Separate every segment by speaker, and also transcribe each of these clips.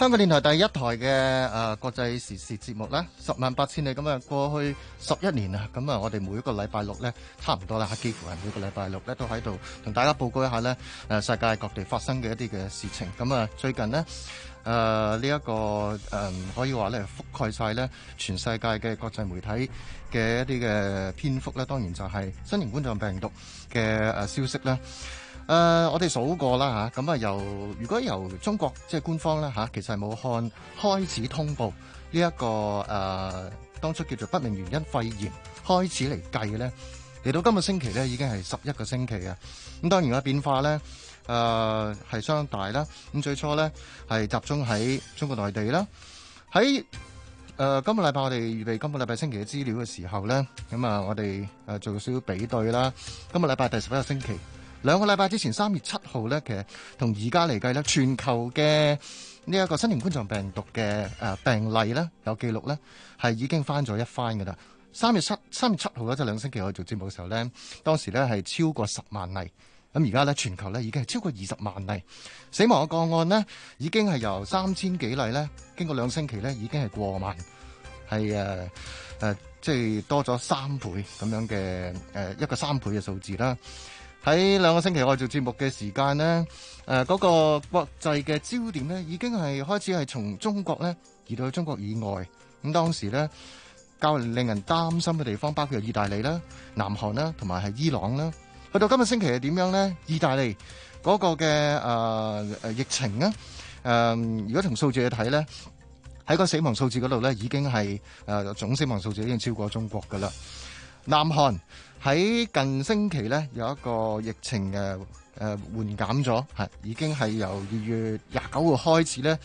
Speaker 1: 香港電台第一台嘅誒國際時事節目咧，十萬八千里咁啊，過去十一年啊，咁啊，我哋每一個禮拜六咧，差唔多啦，幾乎係每一個禮拜六咧都喺度同大家報告一下咧誒世界各地發生嘅一啲嘅事情。咁啊，最近咧誒呢一個誒可以話咧覆蓋晒咧全世界嘅國際媒體嘅一啲嘅篇幅咧，當然就係新型冠狀病毒嘅誒消息啦。誒、呃，我哋數過啦嚇，咁啊由如果由中國即係官方咧、啊、其實係武漢開始通報呢一、呢個誒、啊，當初叫做不明原因肺炎開始嚟計咧，嚟到今個星期咧已經係十一個星期啊。咁當然啊，變化咧誒係相大啦。咁、啊、最初咧係集中喺中國內地啦。喺誒、啊、今個禮拜，我哋預備今個禮拜星期嘅資料嘅時候咧，咁啊，我哋誒做少少比對啦。今個禮拜第十一個星期，兩個禮拜之前，三月七號咧，其實同而家嚟計咧，全球嘅呢一個新型冠狀病毒嘅誒、啊、病例咧，有記錄咧，係已經翻咗一番嘅啦。三月七三月七號咧，即、就、係、是、兩星期我做節目嘅時候咧，當時咧係超過十萬例。咁而家咧，全球咧已經係超過二十萬例死亡嘅個案咧，已經係由三千幾例咧，經過兩星期咧，已經係過萬，係誒誒，即、啊、係、就是、多咗三倍咁樣嘅誒一個三倍嘅數字啦。喺兩個星期我做節目嘅時間咧，誒、呃、嗰、那個國際嘅焦點咧已經係開始係從中國咧移到去中國以外。咁、嗯、當時咧較令人擔心嘅地方包括係意大利啦、南韓啦，同埋係伊朗啦。去到今日星期係點樣咧？意大利嗰個嘅誒誒疫情啊，誒、呃、如果從數字去睇咧，喺個死亡數字嗰度咧已經係誒、呃、總死亡數字已經超過中國㗎喇。南韓喺近星期咧有一個疫情嘅誒緩減咗，係已經係由二月廿九號開始咧，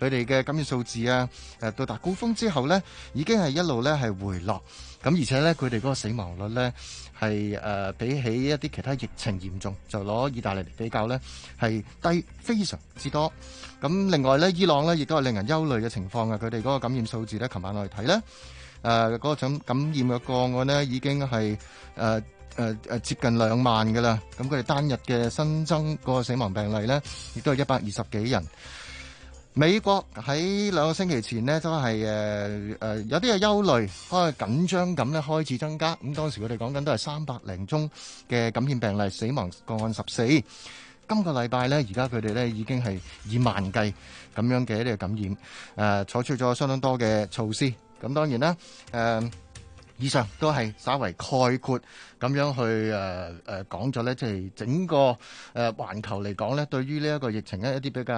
Speaker 1: 佢哋嘅感染數字啊，誒到達高峰之後咧，已經係一路咧係回落。咁而且咧佢哋嗰個死亡率咧係誒比起一啲其他疫情嚴重，就攞意大利嚟比較咧係低非常之多。咁另外咧伊朗咧亦都係令人憂慮嘅情況啊，佢哋嗰個感染數字咧，琴晚我哋睇咧。誒嗰個染感染嘅個案咧，已經係誒誒誒接近兩萬㗎啦。咁佢哋單日嘅新增個死亡病例咧，亦都係一百二十幾人。美國喺兩個星期前咧，都係誒誒有啲嘅憂慮，開緊張感咧開始增加。咁當時佢哋講緊都係三百零宗嘅感染病例，死亡個案十四。今個禮拜咧，而家佢哋咧已經係以萬計咁樣嘅一啲嘅感染，誒採取咗相當多嘅措施。咁當然啦，誒以上都係稍為概括咁樣去誒誒、啊啊、講咗咧，即、就、係、是、整個誒環球嚟講咧，對於呢一個疫情咧一啲比較、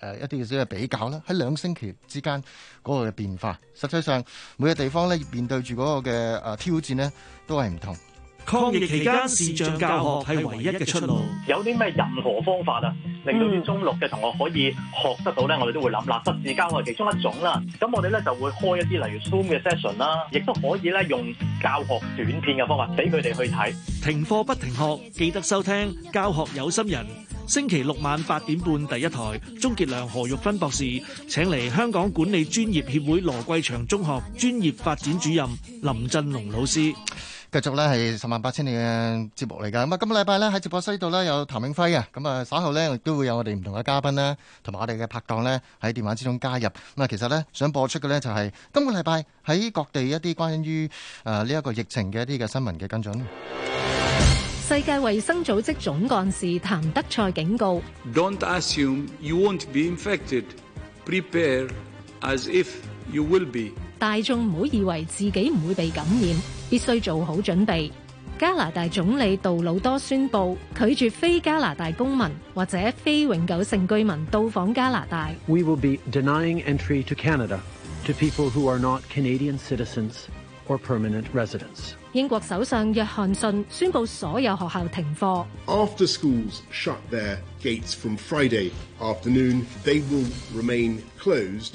Speaker 1: 啊、一啲嘅少嘅比較啦，喺兩星期之間嗰個嘅變化，實際上每個地方咧面對住嗰個嘅、啊、挑戰咧都係唔同。抗疫期間視像教學係唯一嘅出路。
Speaker 2: 有啲咩任何方法啊，令到啲中六嘅同學可以學得到咧？我哋都會諗啦，筆字教學係其中一種啦。咁我哋咧就會開一啲例如 Zoom 嘅 session 啦，亦都可以咧用教學短片嘅方法俾佢哋去睇。
Speaker 3: 停課不停學，記得收聽《教學有心
Speaker 2: 人》。
Speaker 4: 星期六晚八點半第一台，鍾傑良、何玉芬博士請嚟香港管理專業協會羅桂祥中學
Speaker 1: 專業發展主任林振龍老師。繼續咧係十萬八千年嘅節目嚟㗎。咁啊今個禮拜咧喺直播室度咧有譚永輝啊，咁啊稍後咧亦都會有我哋唔同嘅嘉賓啦，同埋我哋嘅拍檔咧喺電話之中加入。咁啊其實咧想播出嘅咧就係今個禮拜喺各地一啲關於誒呢一個疫情嘅一啲嘅新聞嘅跟進。
Speaker 5: 世界衞生組織總幹事譚德塞警
Speaker 2: 告：Don't assume you won't be infected. Prepare as if you will be.
Speaker 5: 大眾唔好以為自己唔會被感染，必須做好準備。加拿大總理杜魯多宣布拒絕非加拿大公民或者非永久性居民到訪加拿大。
Speaker 2: We will be denying entry to Canada to people who are not Canadian citizens or permanent residents。
Speaker 5: 英國首相約翰遜宣布所有學校停課。
Speaker 2: After schools shut their
Speaker 4: gates from Friday afternoon, they will remain closed.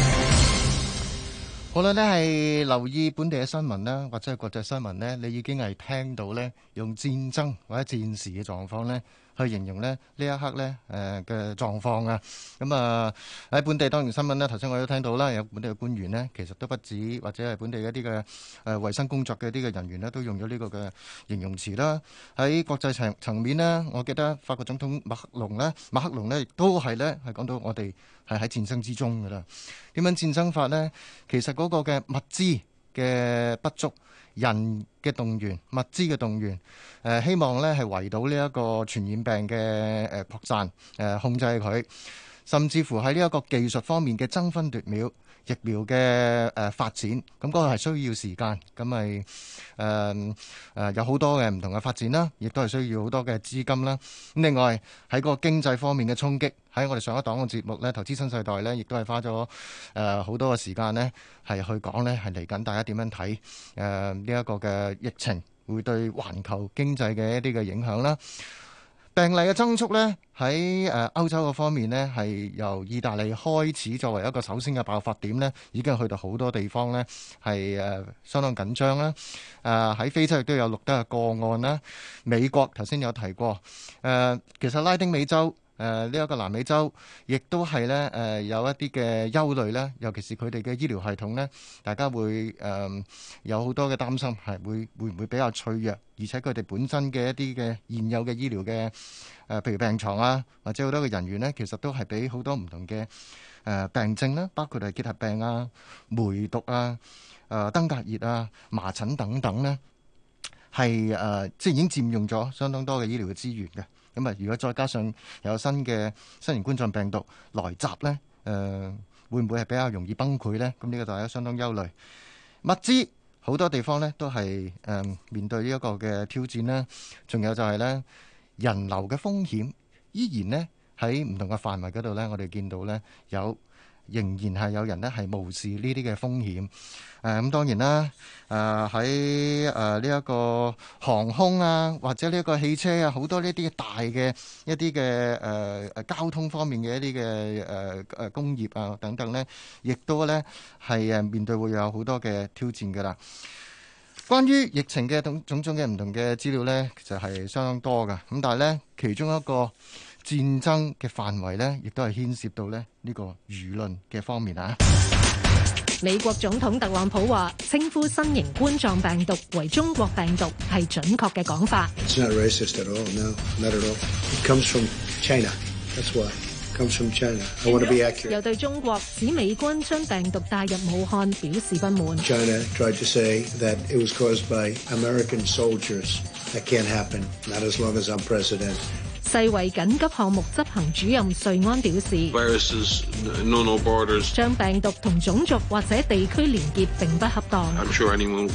Speaker 1: 無論咧係留意本地嘅新聞咧，或者係國際新聞咧，你已經係聽到咧用戰爭或者戰時嘅狀況咧。去形容咧呢一刻咧誒嘅狀況啊，咁啊喺本地當然新聞咧，頭先我都聽到啦，有本地嘅官員咧，其實都不止或者係本地一啲嘅誒衞生工作嘅啲嘅人員咧，都用咗呢個嘅形容詞啦。喺國際層層面咧，我記得法國總統麥克龍咧，麥克龍咧亦都係咧係講到我哋係喺戰爭之中㗎啦。點樣戰爭法咧？其實嗰個嘅物資。嘅不足，人嘅動員、物資嘅動員，誒、呃、希望咧係圍到呢一個傳染病嘅誒擴散，誒、呃、控制佢。甚至乎喺呢一個技術方面嘅爭分奪秒，疫苗嘅誒、呃、發展，咁嗰個係需要時間，咁咪誒誒有好多嘅唔同嘅發展啦，亦都係需要好多嘅資金啦。另外喺嗰個經濟方面嘅衝擊，喺我哋上一檔嘅節目呢，投資新世代呢，亦都係花咗誒好多嘅時間呢，係去講呢，係嚟緊，大家點樣睇誒呢一個嘅疫情會對環球經濟嘅一啲嘅影響啦。病例嘅增速呢，喺誒歐洲方面呢，係由意大利開始作為一個首先嘅爆發點呢，已經去到好多地方呢，係相當緊張啦。誒，喺非洲亦都有錄得嘅個案啦。美國頭先有提過誒，其實拉丁美洲。誒呢一個南美洲也，亦都係咧誒有一啲嘅憂慮咧，尤其是佢哋嘅醫療系統咧，大家會誒、呃、有好多嘅擔心，係會會唔會比較脆弱，而且佢哋本身嘅一啲嘅現有嘅醫療嘅誒，譬、呃、如病床啊，或者好多嘅人員呢，其實都係俾好多唔同嘅誒、呃、病症啦、啊，包括係結核病啊、梅毒啊、誒登革熱啊、麻疹等等呢，係誒、呃、即係已經佔用咗相當多嘅醫療嘅資源嘅。咁啊！如果再加上有新嘅新型冠狀病毒來襲呢，誒會唔會係比較容易崩潰呢？咁呢個大家都相當憂慮。物資，好多地方呢都係誒面對呢一個嘅挑戰呢。仲有就係呢人流嘅風險，依然呢喺唔同嘅範圍嗰度呢，我哋見到呢有。仍然係有人呢，係無視呢啲嘅風險，誒、啊、咁當然啦，誒喺誒呢一個航空啊，或者呢一個汽車啊，好多呢啲大嘅一啲嘅誒誒交通方面嘅一啲嘅誒誒工業啊等等呢，亦都呢係誒面對會有好多嘅挑戰噶啦。關於疫情嘅種，種種種嘅唔同嘅資料呢，其實係相當多噶，咁但係呢，其中一個。戰爭嘅範圍呢，亦都係牽涉到呢呢個輿論嘅方面啊。
Speaker 5: 美國總統特朗普話：稱呼新型冠狀病毒為中國病毒係準確嘅講法。
Speaker 2: It comes from China. I want to be accurate. 又
Speaker 5: 對中國指美軍將病毒帶入武漢表示不滿。China
Speaker 2: tried to say that it was caused by American soldiers. That can't happen, not as long as I'm president.
Speaker 5: 世衛緊急項目執行主任瑞安表示，將病毒同種族或者地區連結並不恰當。want 一場
Speaker 3: 嘅
Speaker 1: 輿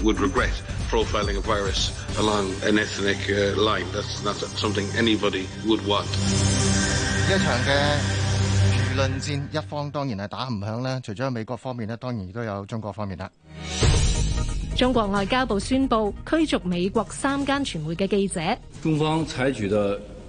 Speaker 1: 論戰，一方當然係打唔響咧，除咗喺美國方面咧，當然亦都有中國方面啦。
Speaker 5: 中國外交部宣布驅逐美國三間傳媒嘅記者。
Speaker 1: 中方採取嘅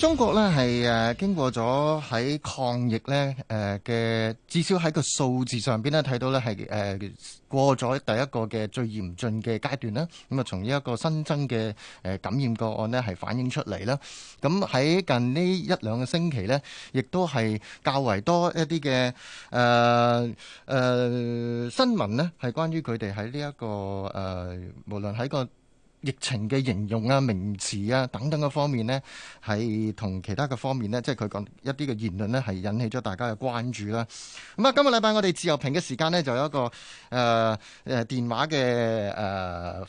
Speaker 1: 中國呢係誒經過咗喺抗疫呢，誒嘅至少喺個數字上邊呢睇到呢係誒過咗第一個嘅最嚴峻嘅階段啦。咁啊從呢一個新增嘅誒感染個案呢係反映出嚟啦。咁喺近呢一兩個星期呢，亦都係較為多一啲嘅誒誒新聞呢係關於佢哋喺呢一個誒無論喺個。疫情嘅形容啊、名詞啊等等嘅方面呢，係同其他嘅方面呢，即係佢講一啲嘅言論呢，係引起咗大家嘅關注啦。咁啊，嗯、今個禮拜我哋自由評嘅時間呢，就有一個誒誒、呃、電話嘅誒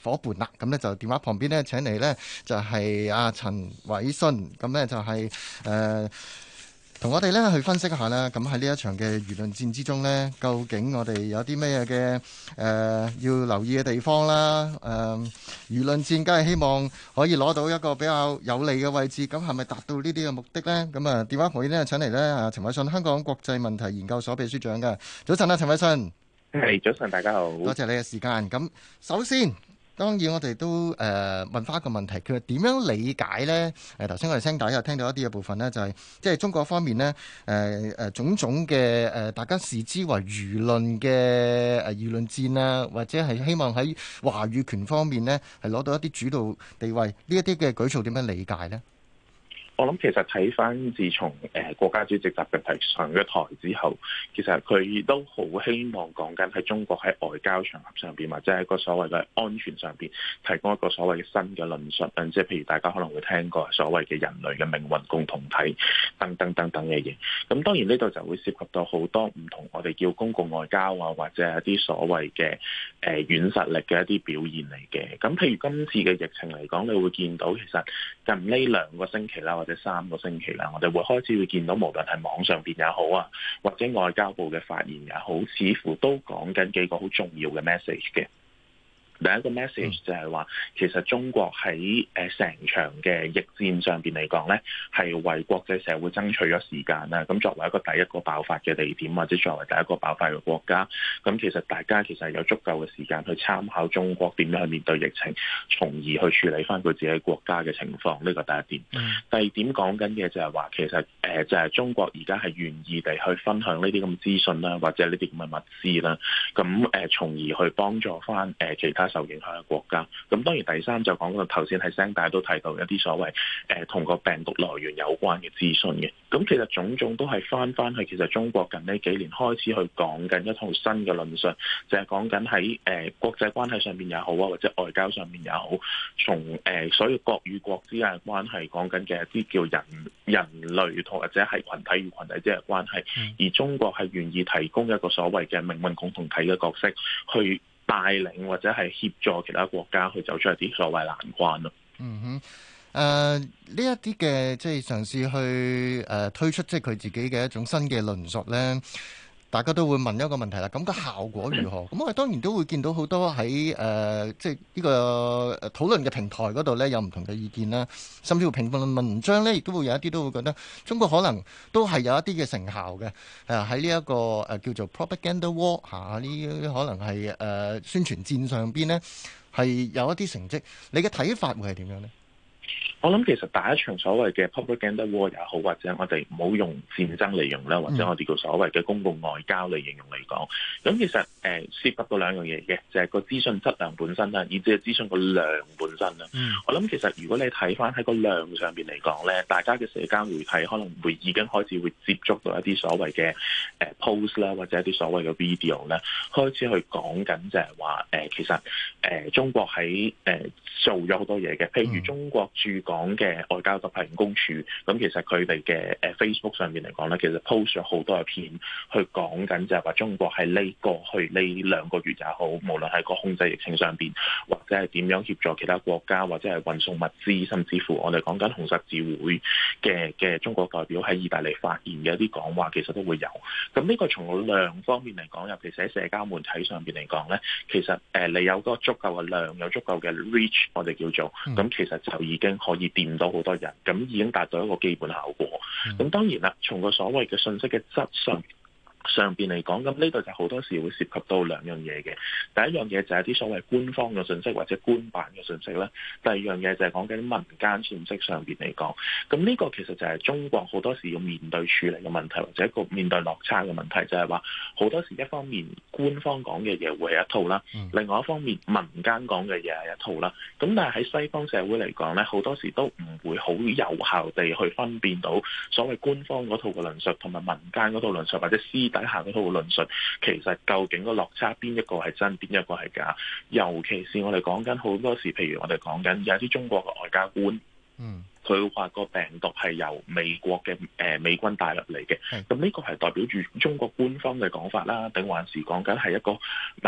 Speaker 1: 夥伴啦。咁、呃、呢、嗯，就電話旁邊呢，請嚟呢，就係阿陳偉信，咁、嗯、呢，就係、是、誒。呃同我哋咧去分析一下啦，咁喺呢一場嘅輿論戰之中呢，究竟我哋有啲咩嘅誒要留意嘅地方啦？誒、呃、輿論戰梗係希望可以攞到一個比較有利嘅位置，咁係咪達到呢啲嘅目的呢？咁啊，電話會呢，請嚟呢啊，陳偉信，香港國際問題研究所秘書長嘅，早晨啊，陳偉信，係早上，
Speaker 2: 大家好，多謝
Speaker 1: 你嘅時間。咁首先。當然我們，我哋都誒問翻一個問題，佢點樣理解呢？誒頭先我哋聲帶又聽到一啲嘅部分呢就係、是、即係中國方面呢，誒、呃、誒種種嘅誒、呃，大家視之為輿論嘅誒、呃、輿論戰啊，或者係希望喺話語權方面呢，係攞到一啲主導地位，呢一啲嘅舉措點樣理解呢？
Speaker 2: 我諗其實睇翻自從誒國家主席習近平上咗台之後，其實佢都好希望講緊喺中國喺外交場合上邊，或者係一個所謂嘅安全上邊，提供一個所謂嘅新嘅論述。即係譬如大家可能會聽過所謂嘅人類嘅命運共同體等等等等嘅嘢。咁當然呢度就會涉及到好多唔同我哋叫公共外交啊，或者係一啲所謂嘅誒軟實力嘅一啲表現嚟嘅。咁譬如今次嘅疫情嚟講，你會見到其實近呢兩個星期啦，三個星期啦，我哋會開始會見到，無論係網上邊也好啊，或者外交部嘅發言也好，似乎都講緊幾個好重要嘅 message 嘅。第一個 message 就係話，其實中國喺誒成場嘅疫戰上邊嚟講咧，係為國際社會爭取咗時間啦。咁作為一個第一個爆發嘅地點，或者作為第一個爆發嘅國家，咁其實大家其實有足夠嘅時間去參考中國點樣去面對疫情，從而去處理翻佢自己國家嘅情況。呢個第一點。第二點講緊嘅就係話，其實誒就係中國而家係願意地去分享呢啲咁嘅資訊啦，或者呢啲咁嘅物資啦，咁誒從而去幫助翻誒其他。受影響嘅國家，咁當然第三就講到頭先，係聲大家都提到一啲所謂、呃、同個病毒來源有關嘅資訊嘅，咁其實種種都係返返去，其實中國近呢幾年開始去講緊一套新嘅論述，就係講緊喺國際關係上面也好啊，或者外交上面也好，從、呃、所有國與國之間嘅關係講緊嘅一啲叫人人類同或者係群體與群體之間嘅關係，嗯、而中國係願意提供一個所謂嘅命運共同體嘅角色去。帶領或者係協助其他國家去走出一啲所謂難關咯。嗯
Speaker 1: 哼，誒呢一啲嘅即係嘗試去誒、呃、推出即係佢自己嘅一種新嘅論述咧。大家都會問一個問題啦，咁個效果如何？咁我哋當然都會見到好多喺誒、呃，即係呢個討論嘅平台嗰度呢，有唔同嘅意見啦，甚至乎評論文章呢，亦都會有一啲都會覺得中國可能都係有一啲嘅成效嘅，喺呢一個、呃、叫做 propaganda war 嚇、啊、呢，可能係、呃、宣傳戰上邊呢，係有一啲成績，你嘅睇法會係點樣呢？我諗其實打一場
Speaker 2: 所謂嘅 propaganda war 也好，或者我哋唔好用戰爭嚟，用啦，或者我哋叫所謂嘅公共外交嚟形容嚟講，咁其實誒、呃、涉及到兩樣嘢嘅，就係、是、個資訊質量本身啦，以至係資訊個量本身啦。嗯、我諗其實如果你睇翻，喺個量上邊嚟講咧，大家嘅社交媒體可能會已經開始會接觸到一啲所謂嘅誒 post 啦，或者一啲所謂嘅 video 咧，開始去講緊就係話誒其實誒、呃、中國喺誒、呃、做咗好多嘢嘅，譬如中國。駐港嘅外交及派員公署，咁其實佢哋嘅 Facebook 上面嚟講咧，其實 post 咗好多嘅片，去講緊，就係話中國係呢個過去呢兩個月就好，無論係個控制疫情上邊，或者係點樣協助其他國家，或者係運送物資，甚至乎我哋講緊紅十字會嘅嘅中國代表喺意大利發言嘅一啲講話其實都會有。咁呢個從量方面嚟講，尤其是喺社交媒體上邊嚟講咧，其實誒你有個足夠嘅量，有足夠嘅 reach，我哋叫做咁，其實就以已經可以掂到好多人，咁已經達到一個基本效果。咁當然啦，從個所謂嘅信息嘅質素上邊嚟講，咁呢度就好多時會涉及到兩樣嘢嘅。第一樣嘢就係啲所謂官方嘅信息或者官版嘅信息啦，第二樣嘢就係講緊民間信息上邊嚟講。咁呢個其實就係中國好多時要面對處理嘅問題或者一個面對落差嘅問題，就係話好多時一方面官方講嘅嘢會係一套啦，嗯、另外一方面民間講嘅嘢係一套啦。咁但係喺西方社會嚟講咧，好多時都唔會好有效地去分辨到所謂官方嗰套嘅論述同埋民間嗰套論述或者私底下嗰套論述，其實究竟個落差邊一個係真，邊一個係假？尤其是我哋講緊好多時，譬如我哋講緊有啲中國嘅外交官，嗯。佢話個病毒係由美國嘅誒美軍帶入嚟嘅，咁呢是個係代表住中國官方嘅講法啦，定還是講緊係一個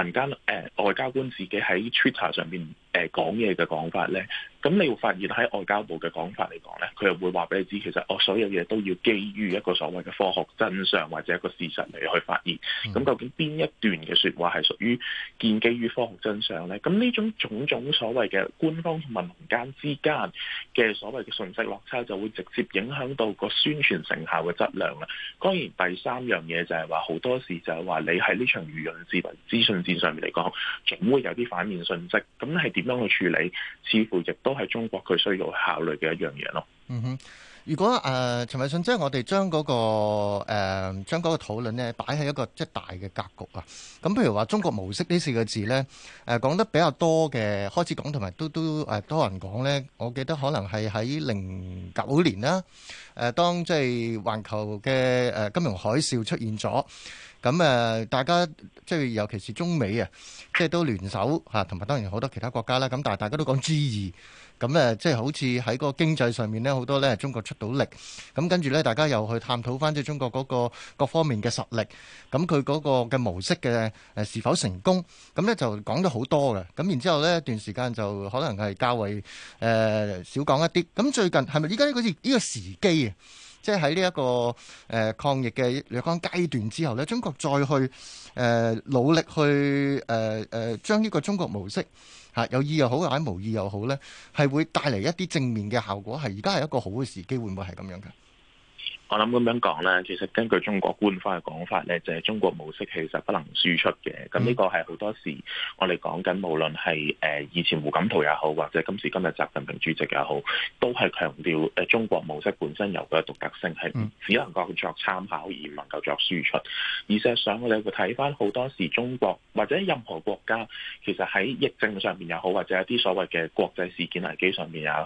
Speaker 2: 民間誒外交官自己喺 Twitter 上邊誒講嘢嘅講法咧？咁你會發現喺外交部嘅講法嚟講咧，佢又會話俾你知，其實我所有嘢都要基於一個所謂嘅科學真相或者一個事實嚟去發現。咁究竟邊一段嘅説話係屬於建基於科學真相咧？咁呢種種種所謂嘅官方同埋民間之間嘅所謂嘅信息落差就會直接影響到個宣傳成效嘅質量啦。當然第三樣嘢就係話好多時就係話你喺呢場輿論資訊資訊戰上面嚟講，總會有啲反面信息。咁係點樣去處理，似乎亦都係中國佢需要考慮嘅一樣嘢咯。嗯哼。
Speaker 1: 如果誒陳偉信，即、呃、係我哋將嗰個誒將嗰個討論擺喺一個即係大嘅格局啊。咁譬如話中國模式呢四個字呢，誒、呃、講得比較多嘅，開始講同埋都都誒、啊、多人講呢。我記得可能係喺零九年啦，誒、啊、當即係環球嘅、啊、金融海嘯出現咗，咁、啊、誒大家即係尤其是中美啊，即係都聯手嚇同埋、啊、當然好多其他國家啦。咁、啊、但係大家都講 G 二。咁誒，即係好似喺嗰個經濟上面呢，好多呢中國出到力。咁跟住呢，大家又去探討翻即係中國嗰個各方面嘅實力。咁佢嗰個嘅模式嘅誒是否成功？咁呢就講得好多嘅。咁然之後呢，段時間就可能係較為誒、呃、少講一啲。咁最近係咪而家好似呢個時機啊？即係喺呢一個誒、呃、抗疫嘅若干階段之後呢，中國再去誒、呃、努力去誒誒、呃、將呢個中國模式。吓有意又好，或者無意又好咧，係會帶嚟一啲正面嘅效果。係而家係一個好嘅時機，會唔會係咁樣㗎？
Speaker 2: 我諗咁樣講咧，其實根據中國官方嘅講法咧，就係中國模式其實不能輸出嘅。咁呢個係好多時我哋講緊，無論係誒以前胡錦濤也好，或者今時今日習近平主席也好，都係強調誒中國模式本身有佢嘅獨特性，係只能夠作作參考而唔能夠作輸出。而事實上，我哋會睇翻好多時，中國或者任何國家，其實喺疫症上面也好，或者一啲所謂嘅國際事件危機上面也好，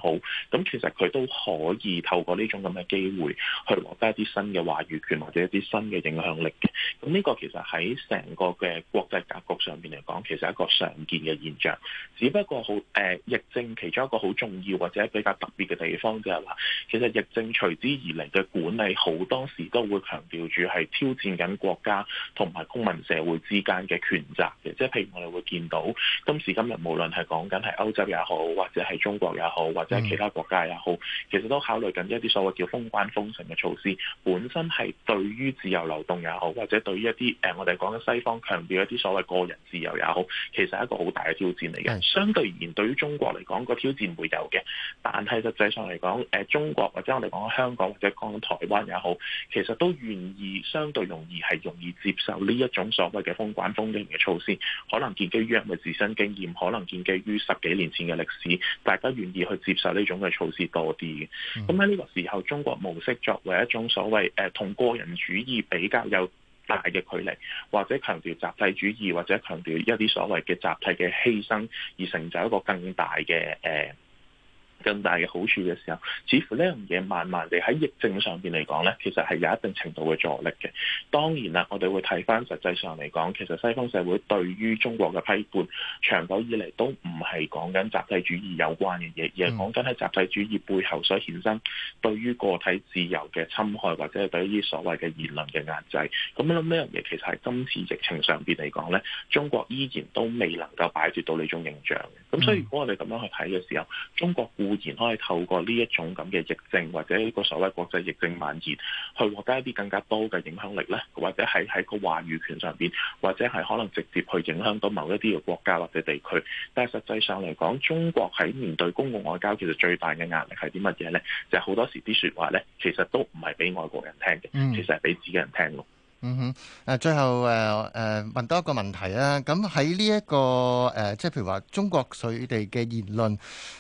Speaker 2: 咁其實佢都可以透過呢種咁嘅機會去。加一啲新嘅話語權或者一啲新嘅影響力嘅，咁呢個其實喺成個嘅國際格局上面嚟講，其實係一個常見嘅現象。只不過好誒、呃，疫症其中一個好重要或者比較特別嘅地方就係話，其實疫症隨之而嚟嘅管理好多時都會強調住係挑戰緊國家同埋公民社會之間嘅權責嘅，即係譬如我哋會見到今時今日無論係講緊係歐洲也好，或者係中國也好，或者係其他國家也好，其實都考慮緊一啲所謂叫封關封城嘅措施。本身係對於自由流動也好，或者對於一啲誒我哋講嘅西方強調一啲所謂個人自由也好，其實係一個好大嘅挑戰嚟嘅。是相對而言，對於中國嚟講個挑戰會有嘅，但係實際上嚟講，誒，中國或者我哋講香港或者講台灣也好，其實都願意相對容易係容易接受呢一種所謂嘅封關封城嘅措施，可能建基於人嘅自身經驗，可能建基於十幾年前嘅歷史，大家願意去接受呢種嘅措施多啲嘅。咁喺呢個時候，中國模式作為一種所謂誒同個人主義比較有大嘅距離，或者強調集體主義，或者強調一啲所謂嘅集體嘅犧牲，而成就一個更大嘅誒。呃更大嘅好處嘅時候，似乎呢樣嘢慢慢地喺疫症上邊嚟講咧，其實係有一定程度嘅助力嘅。當然啦，我哋會睇翻實際上嚟講，其實西方社會對於中國嘅批判，長久以嚟都唔係講緊集體主義有關嘅嘢，而係講緊喺集體主義背後所衍生對於個體自由嘅侵害，或者係對於所謂嘅言論嘅壓制。咁樣諗呢樣嘢其實係今次疫情上邊嚟講咧，中國依然都未能夠擺脫到呢種形象嘅。咁所以如果我哋咁樣去睇嘅時候，中國。嗯、固然可以透過呢一種咁嘅疫症或者呢個所謂國際疫症蔓延，去獲得一啲更加多嘅影響力咧，或者喺喺個話語權上邊，或者係可能直接去影響到某一啲嘅國家或者地區。但係實際上嚟講，中國喺面對公共外交其實最大嘅壓力係啲乜嘢咧？就係、是、好多時啲說話咧，其實都唔係俾外國人聽嘅，其實係俾自己人聽咯。
Speaker 1: 嗯哼，誒最後誒誒、呃呃、問多一個問題啦，咁喺呢一個誒，即、呃、係譬如話中國水地嘅言論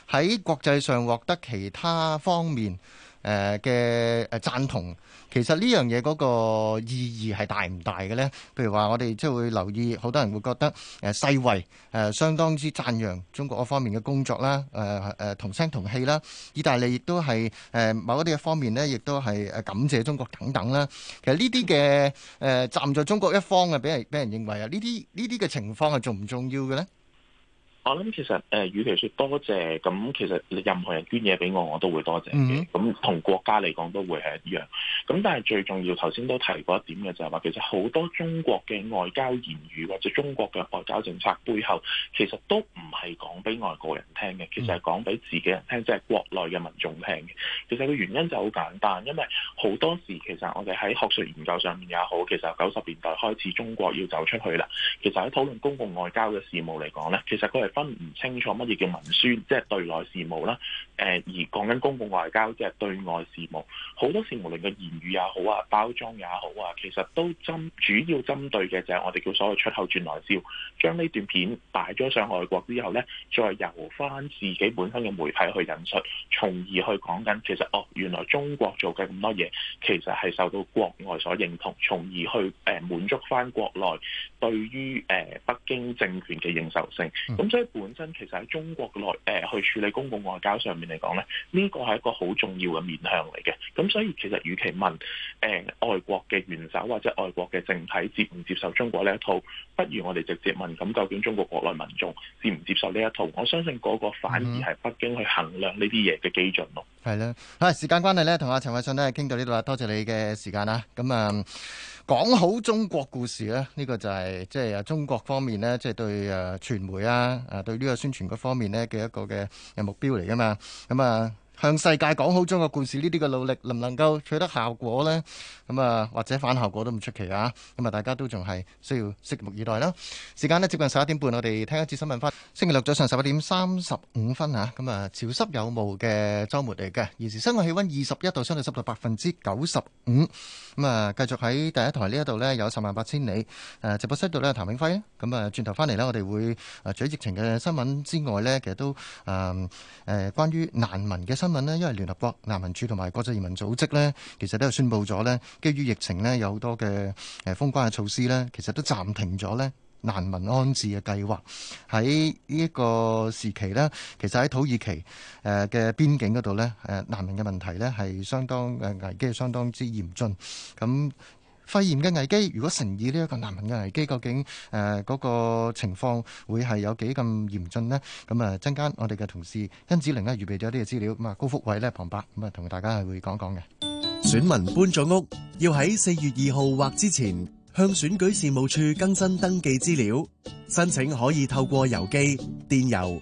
Speaker 1: 喺國際上獲得其他方面。誒嘅誒贊同，其實呢樣嘢嗰個意義係大唔大嘅咧？譬如話，我哋即係會留意，好多人會覺得誒、呃、世衛誒、呃、相當之讚揚中國方面嘅工作啦，誒、呃呃、同聲同氣啦，意大利亦都係誒、呃、某一啲嘅方面呢，亦都係感謝中國等等啦。其實呢啲嘅誒站在中國一方嘅，俾人俾人認為啊，呢啲呢啲嘅情況係重唔重要嘅咧？
Speaker 2: 我諗其實誒、呃，與其說多謝，咁其實任何人捐嘢俾我，我都會多謝嘅。咁同、mm hmm. 國家嚟講都會係一樣。咁但係最重要，頭先都提過一點嘅就係話，其實好多中國嘅外交言語或者中國嘅外交政策背後，其實都唔係講俾外國人聽嘅，其實係講俾自己人聽，即係國內嘅民眾聽嘅。其實個原因就好簡單，因為好多時其實我哋喺學術研究上面也好，其實九十年代開始中國要走出去啦。其實喺討論公共外交嘅事務嚟講咧，其實佢係。分唔清楚乜嘢叫文宣，即係對內事務啦，誒而講緊公共外交，即係對外事務，好多事務，無論嘅言語也好啊，包裝也好啊，其實都針主要針對嘅就係我哋叫所謂出口轉內銷，將呢段片擺咗上外國之後呢，再由翻自己本身嘅媒體去引述，從而去講緊其實哦，原來中國做嘅咁多嘢，其實係受到國外所認同，從而去誒滿足翻國內對於誒北京政權嘅認受性，咁所以。本身其實喺中國內誒、呃、去處理公共外交上面嚟講咧，呢、呢個係一個好重要嘅面向嚟嘅。咁所以其實，與其問誒、呃、外國嘅元首或者外國嘅政體接唔接受中國呢一套，不如我哋直接問：咁究竟中國國內民眾接唔接受呢一套？我相信嗰個反而係北京去衡量呢啲嘢嘅基準咯。
Speaker 1: 係啦，好，時間關係呢，同阿陳偉信咧，傾到呢度啦，多謝你嘅時間啦，咁啊。嗯講好中國故事咧，呢個就係即係啊中國方面咧，即係對誒傳媒啊，啊對呢個宣傳嗰方面咧嘅一個嘅目標嚟㗎嘛，咁啊。向世界講好中國故事呢啲嘅努力，能唔能夠取得效果呢？咁啊，或者反效果都唔出奇啊！咁啊，大家都仲係需要拭目以待啦。時間呢接近十一點半，我哋聽一次新聞翻。星期六早上十一點三十五分啊，咁啊，潮濕有霧嘅週末嚟嘅，現時室外氣温二十一度，相對濕度百分之九十五。咁啊，繼續喺第一台呢一度呢，有十萬八千里。誒，直播室度呢，譚永輝。咁啊，轉頭翻嚟呢，我哋會誒除咗疫情嘅新聞之外呢，其實都誒誒關於難民嘅新。新聞咧，因為聯合國難民署同埋國際移民組織咧，其實都係宣布咗咧，基於疫情咧，有好多嘅誒封關嘅措施咧，其實都暫停咗咧難民安置嘅計劃。喺呢一個時期咧，其實喺土耳其誒嘅邊境嗰度咧，誒難民嘅問題咧係相當誒危機，相當之嚴峻咁。肺炎嘅危機，如果乘以呢一個難民嘅危機，究竟誒嗰、呃這個情況會係有幾咁嚴峻呢？咁啊，陣間我哋嘅同事甄子玲咧預備咗啲嘅資料，咁啊高福偉咧旁白，咁啊同大家係會講講嘅。選民搬咗屋，要喺四月二號或之前向選舉事務處更新登記資料，申請可以透過郵寄、電郵。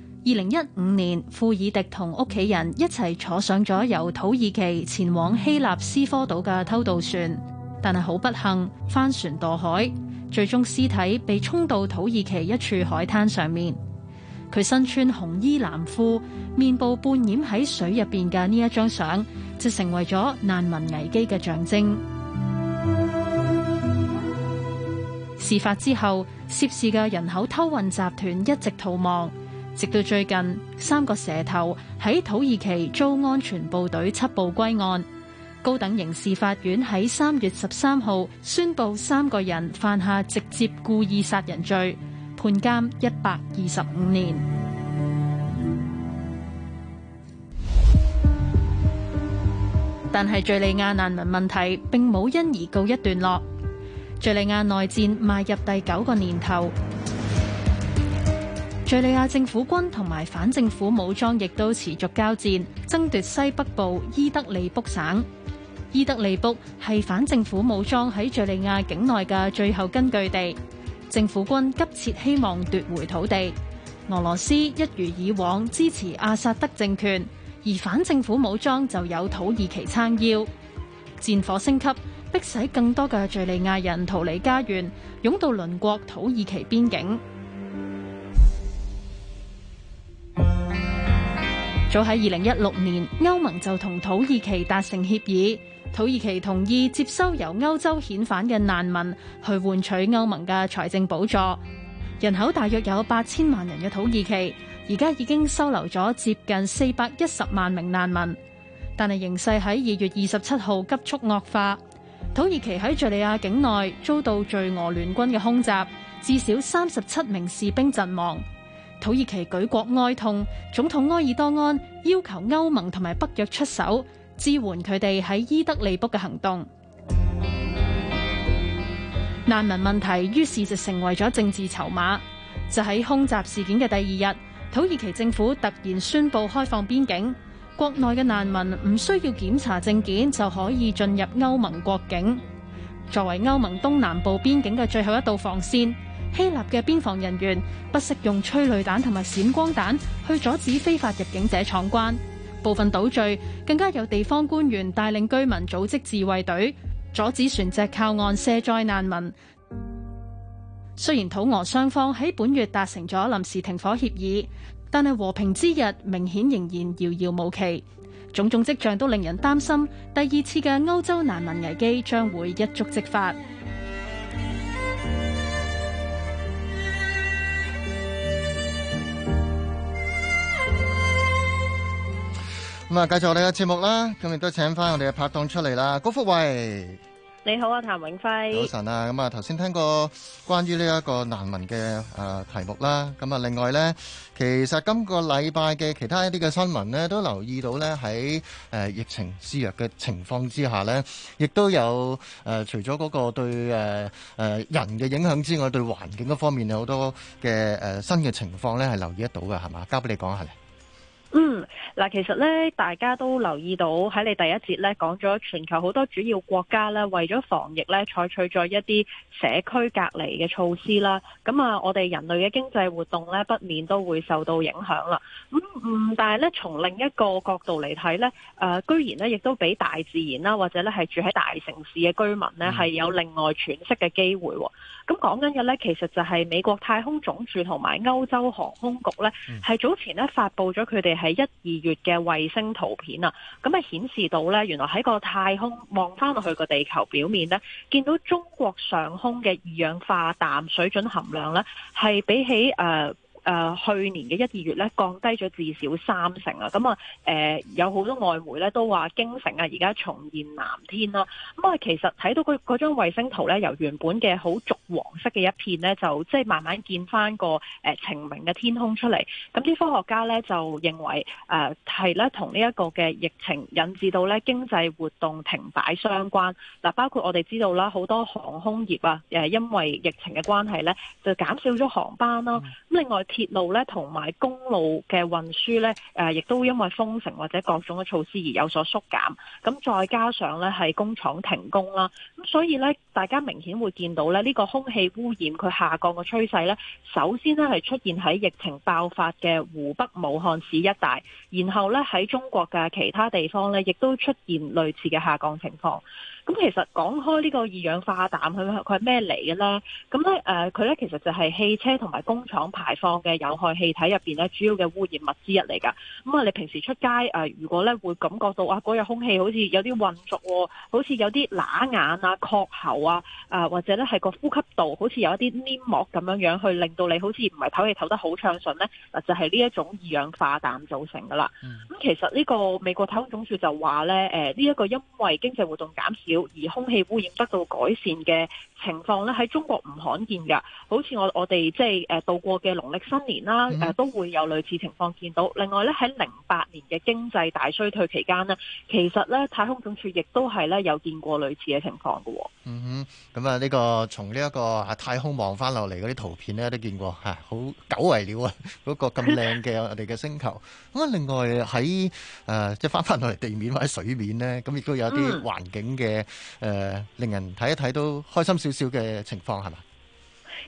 Speaker 3: 二零一五年，庫爾迪同屋企人一齊坐上咗由土耳其前往希臘斯科島嘅偷渡船，但係好不幸，翻船墮海，最終屍體被沖到土耳其一處海灘上面。佢身穿紅衣藍褲，面部半掩喺水入邊嘅呢一張相，就成為咗難民危機嘅象徵。事發之後，涉事嘅人口偷運集團一直逃亡。直到最近，三個蛇頭喺土耳其遭安全部隊緝捕歸案。高等刑事法院喺三月十三號宣布三個人犯下直接故意殺人罪，判監一百二十五年。但係敘利亞難民問題並冇因而告一段落。敘利亞內戰邁入第九個年頭。敘利亞政府軍同埋反政府武裝亦都持續交戰，爭奪西北部伊德利卜省。伊德利卜係反政府武裝喺敘利亞境內嘅最後根據地，政府軍急切希望奪回土地。俄羅斯一如以往支持阿薩德政權，而反政府武裝就有土耳其撐腰。戰火升級，迫使更多嘅敘利亞人逃離家園，湧到鄰國土耳其邊境。早喺二零一六年，歐盟就同土耳其達成協議，土耳其同意接收由歐洲遣返嘅難民，去換取歐盟嘅財政補助。人口大約有八千萬人嘅土耳其，而家已經收留咗接近四百一十萬名難民。但係形勢喺二月二十七號急速惡化，土耳其喺敘利亞境內遭到敘俄聯軍嘅空襲，至少三十七名士兵陣亡。土耳其舉國哀痛，總統埃爾多安要求歐盟同埋北約出手支援佢哋喺伊德利卜嘅行動。難民問題於是就成為咗政治籌碼。就喺空襲事件嘅第二日，土耳其政府突然宣布開放邊境，國內嘅難民唔需要檢查證件就可以進入歐盟國境。作為歐盟東南部邊境嘅最後一道防線。希臘嘅邊防人員不惜用催淚彈同埋閃光彈去阻止非法入境者闖關，部分島嶼，更加有地方官員帶領居民組織自衛隊阻止船隻靠岸卸載難民。雖然土俄雙方喺本月達成咗臨時停火協議，但係和平之日明顯仍然遙遙無期。種種跡象都令人擔心，第二次嘅歐洲難民危機將會一觸即發。
Speaker 1: 咁啊，繼續我哋嘅節目啦，咁亦都請翻我哋嘅拍檔出嚟啦，高福慧，你
Speaker 4: 好啊，譚永輝，早晨
Speaker 1: 啊，咁啊，頭先聽過關於呢一個難民嘅誒題目啦，咁啊，另外咧，其實今個禮拜嘅其他一啲嘅新聞咧，都留意到咧喺誒疫情肆虐嘅情況之下咧，亦都有誒、呃、除咗嗰個對誒誒、呃呃、人嘅影響之外，對環境嗰方面有好多嘅誒、呃、新嘅情況咧，係留意得到嘅，係嘛？交俾你講下。
Speaker 4: 嗯，嗱，其實咧，大家都留意到喺你第一節咧講咗全球好多主要國家咧為咗防疫咧採取咗一啲社區隔離嘅措施啦，咁啊，我哋人類嘅經濟活動咧不免都會受到影響啦。咁嗯，嗯，但係咧從另一個角度嚟睇咧，誒，呃，居然咧亦都俾大自然啦或者咧係住喺大城市嘅居民咧係有另外喘息嘅機會喎。咁講緊嘅呢，其實就係美國太空總署同埋歐洲航空局呢，係早前呢發布咗佢哋喺一二月嘅衛星圖片啊，咁啊顯示到呢，原來喺個太空望翻落去個地球表面呢，見到中國上空嘅二氧化氮水準含量呢，係比起誒，呃誒去年嘅一二月咧，降低咗至少三成啊！咁啊，呃，有好多外媒咧都話京城啊，而家重現藍天啦。咁啊，其實睇到嗰張張衛星圖咧，由原本嘅好濁黃色嘅一片咧，就即係慢慢見翻個誒晴明嘅天空出嚟。咁啲科學家咧就認為誒係咧同呢一個嘅疫情引致到咧經濟活動停擺相關。嗱，包括我哋知道啦，好多航空業啊，誒，因為疫情嘅關係咧，就減少咗航班啦。咁另外，鐵路咧同埋公路嘅運輸咧，誒，亦都因為封城或者各種嘅措施而有所縮減。咁再加上咧，係工廠停工啦，咁所以咧。大家明顯會見到咧，呢個空氣污染佢下降嘅趨勢呢，首先呢係出現喺疫情爆發嘅湖北武漢市一帶，然後呢喺中國嘅其他地方呢，亦都出現類似嘅下降情況。咁其實講開呢個二氧化氮，佢佢係咩嚟嘅呢？咁呢，誒，佢呢其實就係汽車同埋工廠排放嘅有害氣體入面呢，主要嘅污染物之一嚟㗎。咁啊，你平時出街誒，如果呢會感覺到啊，嗰日空氣好似有啲渾濁、哦，好似有啲揦眼啊、確喉。話誒、啊，或者咧係個呼吸道，好似有一啲黏膜，咁樣樣，去令到你好似唔係透氣透得好暢順咧，嗱就係、是、呢一種二氧化氮造成噶啦咁、嗯、其實呢個美國太空總署就話咧，誒，呢一個因為經濟活動減少而空氣污染得到改善嘅情況咧，喺中國唔罕見噶。好似我們我哋即係誒度過嘅農曆新年啦、啊、誒、嗯啊，都會有類似情況見到。另外咧喺零八年嘅經濟大衰退期間呢，其實咧太空總署亦都係咧有見過類似嘅情況噶。嗯
Speaker 1: 咁啊！呢個從呢一個太空望翻落嚟嗰啲圖片咧，都見過吓，好、啊、久違了啊！嗰個咁靚嘅我哋嘅星球。咁啊，另外喺誒、呃，即係翻翻落嚟地面或者水面咧，咁亦都有啲環境嘅誒、呃，令人睇一睇都開心少少嘅情況係嘛？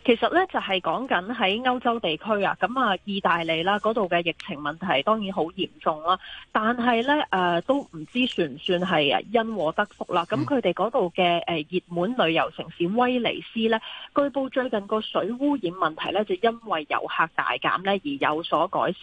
Speaker 4: 其實咧就係講緊喺歐洲地區啊，咁啊意大利啦嗰度嘅疫情問題當然好嚴重啦，但係咧誒都唔知算唔算係因禍得福啦。咁佢哋嗰度嘅誒熱門旅遊城市威尼斯咧，據報最近個水污染問題咧就因為遊客大減咧而有所改善。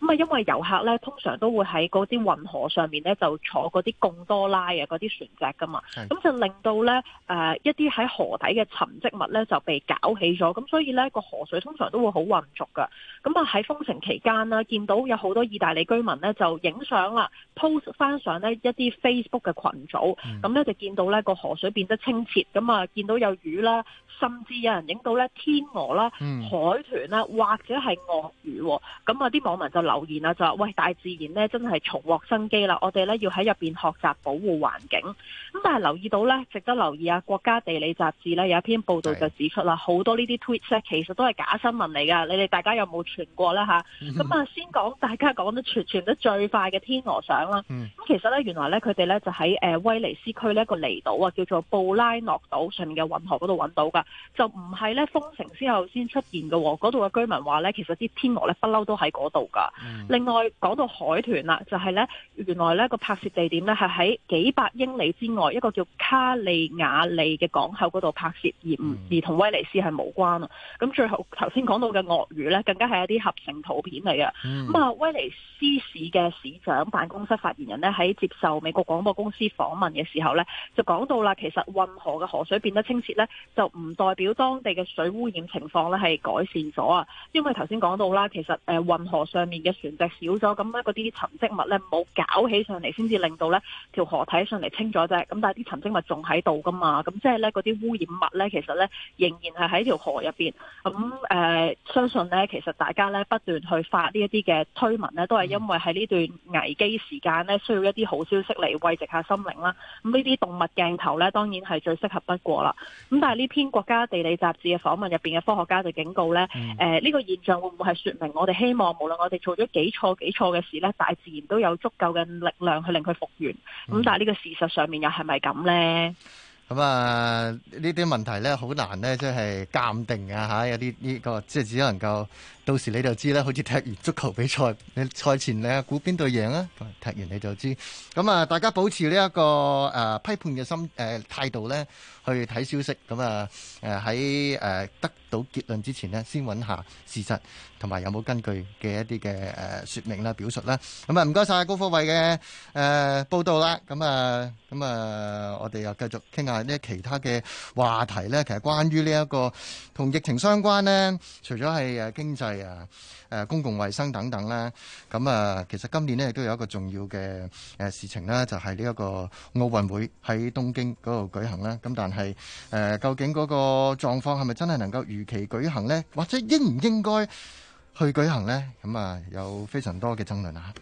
Speaker 4: 咁啊因為遊客咧通常都會喺嗰啲運河上面咧就坐嗰啲貢多拉啊嗰啲船隻噶嘛，咁就令到咧誒一啲喺河底嘅沉積物咧就被搞起。咁所以呢個河水通常都會好混濁嘅。咁啊喺封城期間啦，見到有好多意大利居民呢就影相啦，post 翻上呢一啲 Facebook 嘅群組，咁呢就見到呢個河水變得清澈，咁啊見到有魚啦，甚至有人影到呢天鵝啦、嗯、海豚啦，或者係鱷魚。咁啊啲網民就留言啦，就話：喂，大自然呢真係重獲生機啦！我哋呢要喺入邊學習保護環境。咁但係留意到呢，值得留意啊，《國家地理雜誌》呢，有一篇報道就指出啦，好是多呢。啲 Twitter 其實都係假新聞嚟噶，你哋大家有冇傳過咧吓？咁啊，先講大家講得傳傳得最快嘅天鵝相啦。咁其實咧，原來咧佢哋咧就喺威尼斯區一個離島啊，叫做布拉諾島上面嘅運河嗰度揾到噶，就唔係咧封城之後先出現嘅。嗰度嘅居民話咧，其實啲天鵝咧不嬲都喺嗰度噶。 另外講到海豚啦，就係咧原來咧個拍攝地點咧係喺幾百英里之外一個叫卡利亞利嘅港口嗰度拍攝，而唔 而同威尼斯係冇。咁、嗯、最後頭先講到嘅鱷魚咧，更加係一啲合成圖片嚟嘅。咁啊、嗯，威尼斯市嘅市長辦公室發言人呢，喺接受美國廣播公司訪問嘅時候呢，就講到啦，其實運河嘅河水變得清澈呢，就唔代表當地嘅水污染情況呢係改善咗啊！因為頭先講到啦，其實誒運河上面嘅船隻少咗，咁嗰啲沉積物呢冇攪起上嚟，先至令到呢條河睇上嚟清咗啫。咁但係啲沉積物仲喺度噶嘛？咁即係呢嗰啲污染物呢，其實呢仍然係喺條。河入邊咁。誒，相信呢，其實大家呢不斷去發呢一啲嘅推文呢，都係因為喺呢段危機時間呢，需要一啲好消息嚟慰藉下心靈啦。咁呢啲動物鏡頭呢，當然係最適合不過啦。咁但係呢篇國家地理雜誌嘅訪問入邊嘅科學家就警告呢，誒呢、嗯呃呢個現象會唔會係說明我哋希望無論我哋做咗幾錯幾錯嘅事呢，大自然都有足夠嘅力量去令佢復原。
Speaker 1: 咁、嗯嗯、但係呢個事實上面又係咪咁呢？咁啊，呢啲、嗯、問題咧好難咧、這個，即係鑑定啊嚇，有啲呢個即係只能夠。到時你就知啦，好似踢完足球比賽，你賽前你啊估邊隊贏啊？踢完你就知。咁啊，大家保持呢、這、一個誒、呃、批判嘅心誒態、呃、度咧，去睇消息。咁啊誒喺誒得到結論之前咧，先揾下事實，同埋有冇根據嘅一啲嘅誒說明啦、表述啦。咁啊，唔該晒高科偉嘅誒報道啦。咁啊，咁、呃、啊、呃，我哋又繼續傾下呢其他嘅話題咧。其實關於呢一個同疫情相關咧，除咗係誒經濟。啊！誒，公共衛生等等啦，咁啊，其實今年呢亦都有一個重要嘅誒事情啦，就係呢一個奧運會喺東京嗰度舉行啦。咁但係誒，究竟嗰個狀況係咪真係能夠如期舉行呢？或者應唔應該去舉行呢？咁啊，有非常多嘅爭論啊！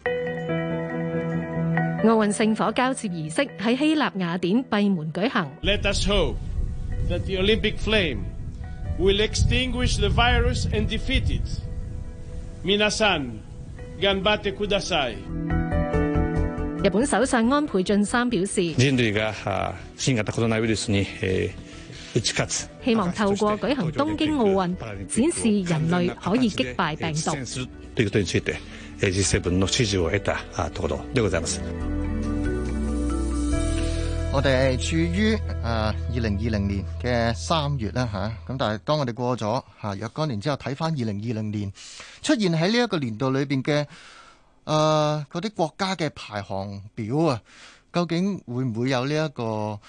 Speaker 5: 奧運聖火交接儀式喺希臘雅典閉門舉行。
Speaker 1: Let us hope that the Olympic
Speaker 2: flame will extinguish the virus and defeat it.
Speaker 5: 日本首相安倍晉三表示、
Speaker 1: 人類が新型コロナウイルスに打ち勝つ、
Speaker 5: 希望透過舉行、東京奧運、展示人類、可以擊敗、病毒
Speaker 2: ということについて、G7 の指示を得たところでございます。
Speaker 1: 我哋係處於誒二零二零年嘅三月啦吓，咁但係當我哋過咗吓若干年之後，睇翻，二零二零年出現喺呢一個年度裏邊嘅誒嗰啲國家嘅排行表啊，究竟會唔會有呢一個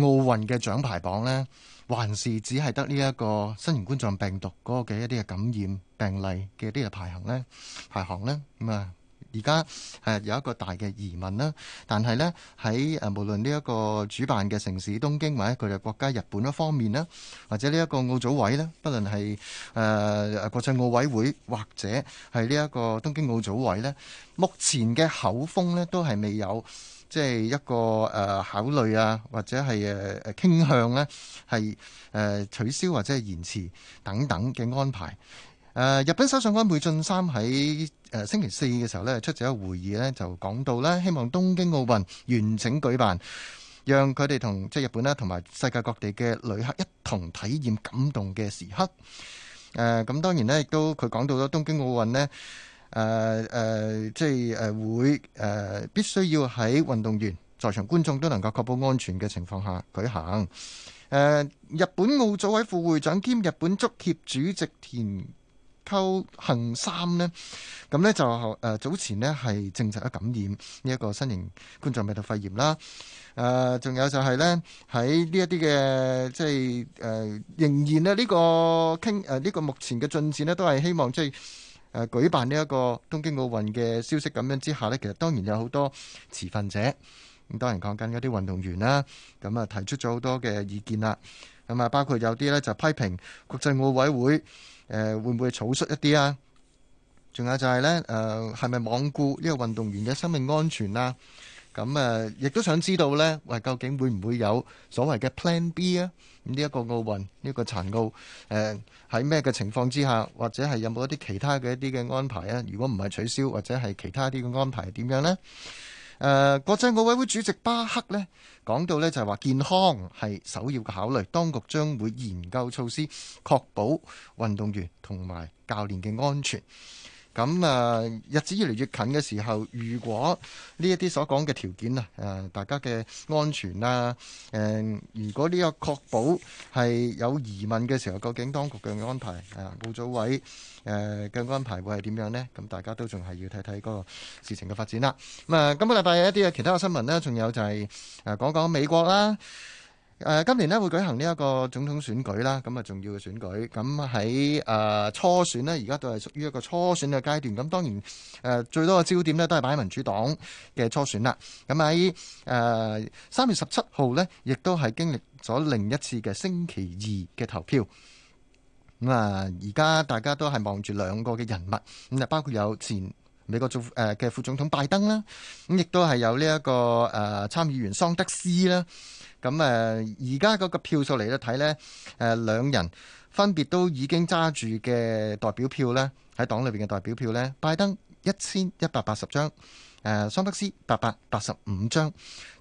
Speaker 1: 奧運嘅獎牌榜呢？還是只係得呢一個新型冠狀病毒嗰個嘅一啲嘅感染病例嘅啲嘅排行呢？排行呢？咁啊？而家係有一個大嘅疑問啦，但係咧喺誒無論呢一個主辦嘅城市東京或者佢哋國家日本一方面咧，或者呢一個奧組委咧，不論係誒國際奧委會或者係呢一個東京奧組委咧，目前嘅口風咧都係未有即係一個誒考慮啊，或者係誒傾向咧係誒取消或者係延遲等等嘅安排。誒日本首相安倍晉三喺誒、呃、星期四嘅時候呢，出席咗個會議呢，就講到啦，希望東京奧運完整舉辦，讓佢哋同即係日本啦，同埋世界各地嘅旅客一同體驗感動嘅時刻。誒、呃、咁當然呢，亦都佢講到咗東京奧運呢，誒、呃、誒、呃、即係誒會必須要喺運動員在場觀眾都能夠確保安全嘅情況下舉行。誒、呃、日本奧組委副會長兼日本足協主席田溝行三呢，咁呢就早前呢係證實咗感染呢一、這個新型冠狀病毒肺炎啦。仲、呃、有就係呢，喺呢一啲嘅即係、呃、仍然呢、這個傾呢、這個目前嘅進展呢，都係希望即係誒舉辦呢一個東京奧運嘅消息咁樣之下呢，其實當然有好多持份者咁，當然講緊一啲運動員啦，咁啊提出咗好多嘅意見啦。咁啊，包括有啲咧就批評國際奧委會，誒會唔會草率一啲啊？仲有就係呢，誒係咪罔顧呢個運動員嘅生命安全啊？咁啊，亦都想知道呢，話究竟會唔會有所謂嘅 Plan B 啊？呢一個奧運，呢個殘奧，誒喺咩嘅情況之下，或者係有冇一啲其他嘅一啲嘅安排啊？如果唔係取消，或者係其他啲嘅安排點樣呢？誒、呃、國際奧委會主席巴克呢講到呢就係、是、話健康係首要嘅考慮，當局將會研究措施，確保運動員同埋教練嘅安全。咁啊，日子越嚟越近嘅時候，如果呢一啲所講嘅條件啊，誒、呃，大家嘅安全啦、啊，誒、呃，如果呢個確保係有疑問嘅時候，究竟當局嘅安排啊，奧組委嘅安排會係點樣呢？咁大家都仲係要睇睇嗰個事情嘅發展啦。咁、呃、啊，今個禮拜有一啲嘅其他嘅新聞呢，仲有就係誒，講講美國啦、啊。誒、呃、今年咧會舉行呢一個總統選舉啦，咁啊重要嘅選舉。咁喺誒初選呢，而家都係屬於一個初選嘅階段。咁當然誒、呃、最多嘅焦點咧，都係擺喺民主黨嘅初選啦。咁喺誒三月十七號呢，亦都係經歷咗另一次嘅星期二嘅投票。咁、嗯、啊，而、呃、家大家都係望住兩個嘅人物，咁就包括有前美國總誒嘅副總統拜登啦，咁、嗯、亦都係有呢、這、一個誒、呃、參議員桑德斯啦。咁誒，而家嗰個票數嚟睇呢，誒兩人分別都已經揸住嘅代表票呢，喺黨裏邊嘅代表票呢，拜登一千一百八十張，誒桑德斯八百八十五張。